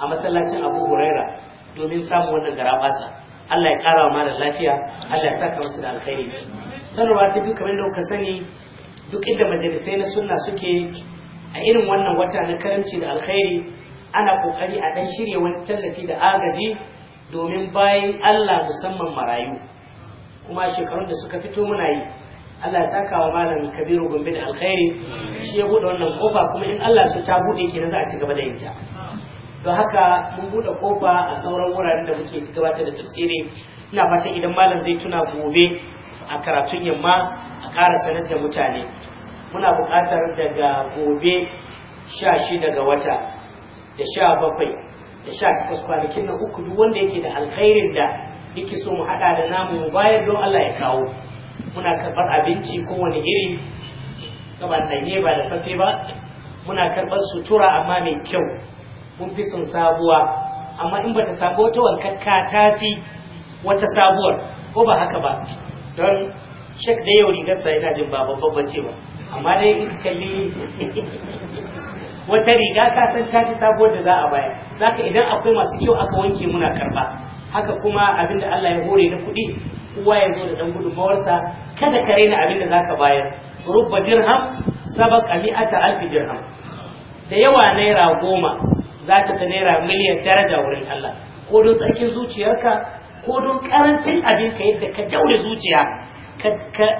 S3: a masallacin abu huraira domin samun wannan garabasa Allah ya ƙara wa malam lafiya Allah ya saka masu da alkhairi sanarwa ta biyu kamar da kuka sani duk inda majalisai na sunna suke a irin wannan wata na karamci da alkhairi ana kokari a dan shirye wani tallafi da agaji domin bayan Allah musamman marayu kuma shekarun da suka fito muna yi Allah ya saka wa malam Kabiru Gombe da alkhairi shi ya bude wannan kofa kuma in Allah so ta bude kenan za a ci gaba da yinta. don haka mun bude kofa a sauran wuraren da muke gabatar da tafsiri ina fatan idan malam zai tuna gobe a karatun yamma Kara sanar da mutane muna buƙatar daga gobe sha shida ga wata da sha bakwai da sha takwas kwanakin na uku duk wanda yake da alkhairin da yake so mu haɗa da namu bayar don Allah ya kawo muna karɓar abinci kowane iri gaba ɗanye ba da fate ba muna karɓar sutura amma mai kyau mun fi son sabuwa amma in bata samu wata wankakka ta fi wata sabuwar ko ba haka ba don shek da yau rigarsa yana jin ba babban cewa, amma dai in kalli wata riga ka san caki sabuwar da za a bayar zaka idan akwai masu kyau aka wanke muna karba haka kuma abin da Allah ya hore na kuɗi kowa ya zo da dan gudunmawarsa kada ka raina abin za zaka bayar rubba dirham sabaqa ata alfi dirham da yawa naira goma za ta ta naira miliyan daraja wurin Allah ko don tsarkin zuciyarka ko don karancin abin ka yadda ka daure zuciya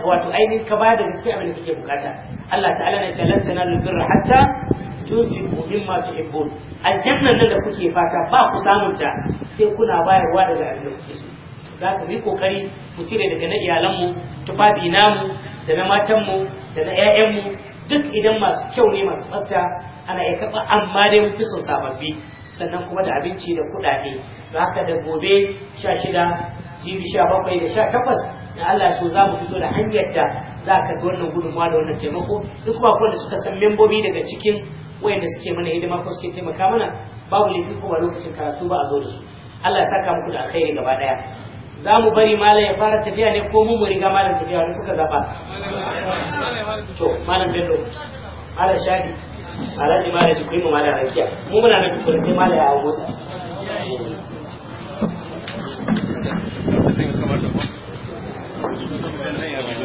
S3: wato ainihin ka ba da gaske abin da kake bukata Allah ta'ala ne ce lan tanalu birra hatta tunfiqu mimma tuhibbun aljanna nan da kuke fata ba ku samun ta sai kuna bayarwa daga abin da kuke so za ka yi kokari ku cire daga na iyalanmu tufafi namu da na matanmu da na 'ya'yanmu duk idan masu kyau ne masu tsafta ana iya kaɓa amma dai mun fi son sababbi sannan kuma da abinci da kuɗaɗe haka da gobe sha shida jibi sha bakwai da sha takwas da Allah so za mu fito da hanyar da za ka ga wannan gudunmawa da wannan taimako duk kuma da suka san membobi daga cikin wayanda suke mana hidima ko suke taimaka mana babu laifi ko ba lokacin karatu ba a zo da su Allah ya saka muku da alkhairi gaba daya za mu bari malam ya fara tafiya ne ko mu mu riga malam tafiya ne kuka zaba to malam bello malam shadi alhaji malam jikuri mu malam rakiya mu muna nan tukuri sai malam ya hawo motsa.
S2: Thank you.